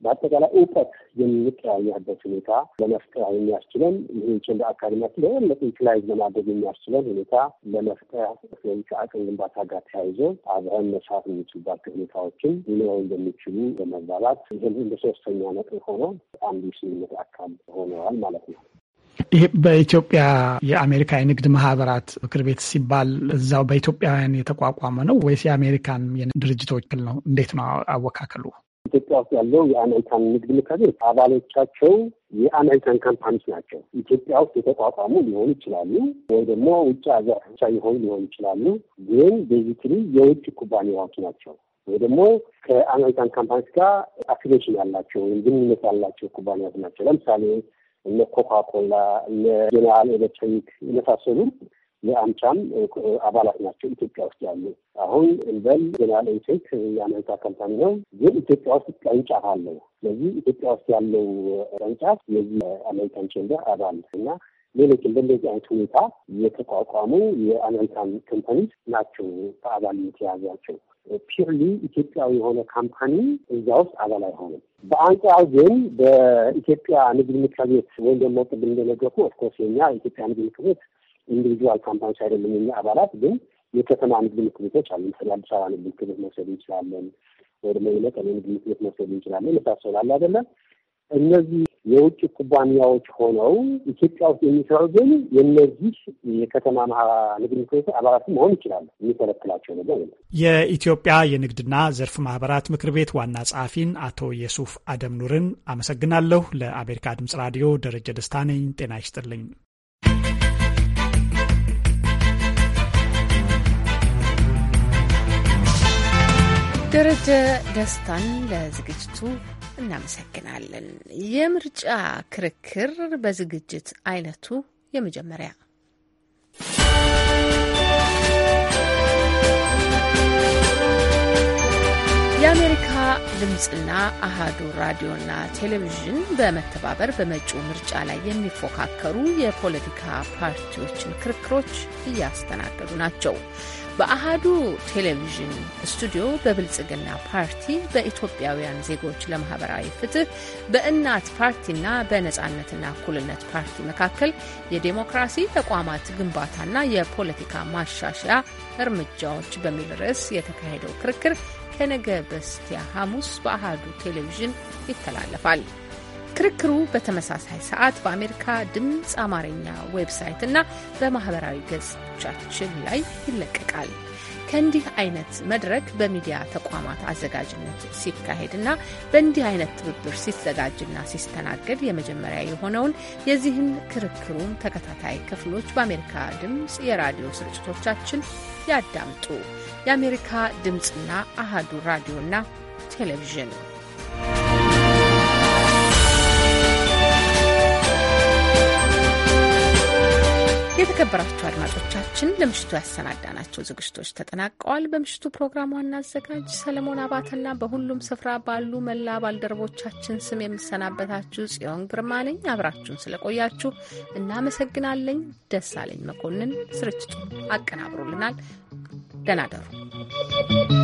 በአጠቃላይ እውቀት የምንቀያየርበት ሁኔታ ለመፍጠር የሚያስችለን ይህ ጭንድ አካባቢነት ለበለጠ ዩቲላይዝ ለማድረግ የሚያስችለን ሁኔታ ለመፍጠር ከአቅም ግንባታ ጋር ተያይዞ አብረን መስራት የሚችልባቸው ሁኔታዎችን ሊኖሩ እንደሚችሉ በመግባባት ይህም እንደ ሶስተኛ ነጥብ ሆኖ አንዱ ስምምነት አካል ሆነዋል ማለት ነው። ይህ በኢትዮጵያ የአሜሪካ የንግድ ማህበራት ምክር ቤት ሲባል እዛው በኢትዮጵያውያን የተቋቋመ ነው ወይስ የአሜሪካን ድርጅቶች ክል ነው? እንዴት ነው አወካከሉ? ኢትዮጵያ ውስጥ ያለው የአሜሪካን ንግድ ምክር ቤት አባሎቻቸው የአሜሪካን ካምፓኒዎች ናቸው። ኢትዮጵያ ውስጥ የተቋቋሙ ሊሆኑ ይችላሉ ወይ ደግሞ ውጭ ሀገር ብቻ የሆኑ ሊሆኑ ይችላሉ። ግን ቤዚክሊ የውጭ ኩባንያዎች ናቸው ወይ ደግሞ ከአሜሪካን ካምፓኒዎች ጋር አፊሌሽን ያላቸው ወይም ግንኙነት ያላቸው ኩባንያዎች ናቸው። ለምሳሌ እነ ኮካ ኮላ፣ እነ ጄኔራል ኤሌክትሪክ የመሳሰሉ የአምቻም አባላት ናቸው ኢትዮጵያ ውስጥ ያሉ። አሁን እንበል ጀነራል ኤሌክትሪክ የአሜሪካ ካምፓኒ ነው፣ ግን ኢትዮጵያ ውስጥ ቅርንጫፍ አለው። ስለዚህ ኢትዮጵያ ውስጥ ያለው ቅርንጫፍ የዚህ አሜሪካን ቼምበር አባል እና ሌሎች እንደዚህ አይነት ሁኔታ የተቋቋሙ የአሜሪካን ካምፓኒስ ናቸው በአባልነት የያዟቸው። ፒርሊ ኢትዮጵያዊ የሆነ ካምፓኒ እዛ ውስጥ አባል አይሆንም። በአንጻር ግን በኢትዮጵያ ንግድ ምክር ቤት ወይም ደግሞ ቅድም እንደነገርኩህ ኦፍኮርስ የኛ ኢትዮጵያ ንግድ ምክር ቤት ኢንዲቪጁዋል ካምፓኒዎች አይደለም የኛ አባላት፣ ግን የከተማ ንግድ ምክር ቤቶች አሉ። ምሳሌ አዲስ አበባ ንግድ ምክር ቤት መውሰድ እንችላለን፣ ወይ ደግሞ የመቀሌ ንግድ ምክር ቤት መውሰድ እንችላለን። መሳሰሉ አለ አይደለም። እነዚህ የውጭ ኩባንያዎች ሆነው ኢትዮጵያ ውስጥ የሚሰሩ ግን የነዚህ የከተማ ንግድ ምክር ቤት አባላት መሆን ይችላሉ። የሚከለክላቸው ነገር የለም። የኢትዮጵያ የንግድና ዘርፍ ማህበራት ምክር ቤት ዋና ጸሐፊን አቶ የሱፍ አደም ኑርን አመሰግናለሁ። ለአሜሪካ ድምጽ ራዲዮ ደረጀ ደስታ ነኝ። ጤና ይስጥልኝ። ደረጀ ደስታን ለዝግጅቱ እናመሰግናለን። የምርጫ ክርክር በዝግጅት አይነቱ የመጀመሪያ የአሜሪካ ድምፅና አሃዱ ራዲዮና ቴሌቪዥን በመተባበር በመጪው ምርጫ ላይ የሚፎካከሩ የፖለቲካ ፓርቲዎችን ክርክሮች እያስተናገዱ ናቸው። በአሃዱ ቴሌቪዥን ስቱዲዮ በብልጽግና ፓርቲ፣ በኢትዮጵያውያን ዜጎች ለማህበራዊ ፍትህ፣ በእናት ፓርቲና በነጻነትና እኩልነት ፓርቲ መካከል የዴሞክራሲ ተቋማት ግንባታና የፖለቲካ ማሻሻያ እርምጃዎች በሚል ርዕስ የተካሄደው ክርክር ከነገ በስቲያ ሐሙስ በአሃዱ ቴሌቪዥን ይተላለፋል። ክርክሩ በተመሳሳይ ሰዓት በአሜሪካ ድምፅ አማርኛ ዌብሳይት እና በማህበራዊ ገጽ ገጾቻችን ላይ ይለቀቃል። ከእንዲህ አይነት መድረክ በሚዲያ ተቋማት አዘጋጅነት ሲካሄድና በእንዲህ አይነት ትብብር ሲዘጋጅና ሲስተናገድ የመጀመሪያ የሆነውን የዚህን ክርክሩን ተከታታይ ክፍሎች በአሜሪካ ድምፅ የራዲዮ ስርጭቶቻችን ያዳምጡ። የአሜሪካ ድምፅና አሃዱ ራዲዮና ቴሌቪዥን የተከበራችሁ አድማጮች እንግዶቻችን ለምሽቱ ያሰናዳናቸው ዝግጅቶች ተጠናቀዋል። በምሽቱ ፕሮግራም ዋና አዘጋጅ ሰለሞን አባተና በሁሉም ስፍራ ባሉ መላ ባልደረቦቻችን ስም የምሰናበታችሁ ጽዮን ግርማ ነኝ። አብራችሁን ስለቆያችሁ እናመሰግናለኝ። ደሳለኝ መኮንን ስርጭቱን አቀናብሮልናል። ደህና ደሩ።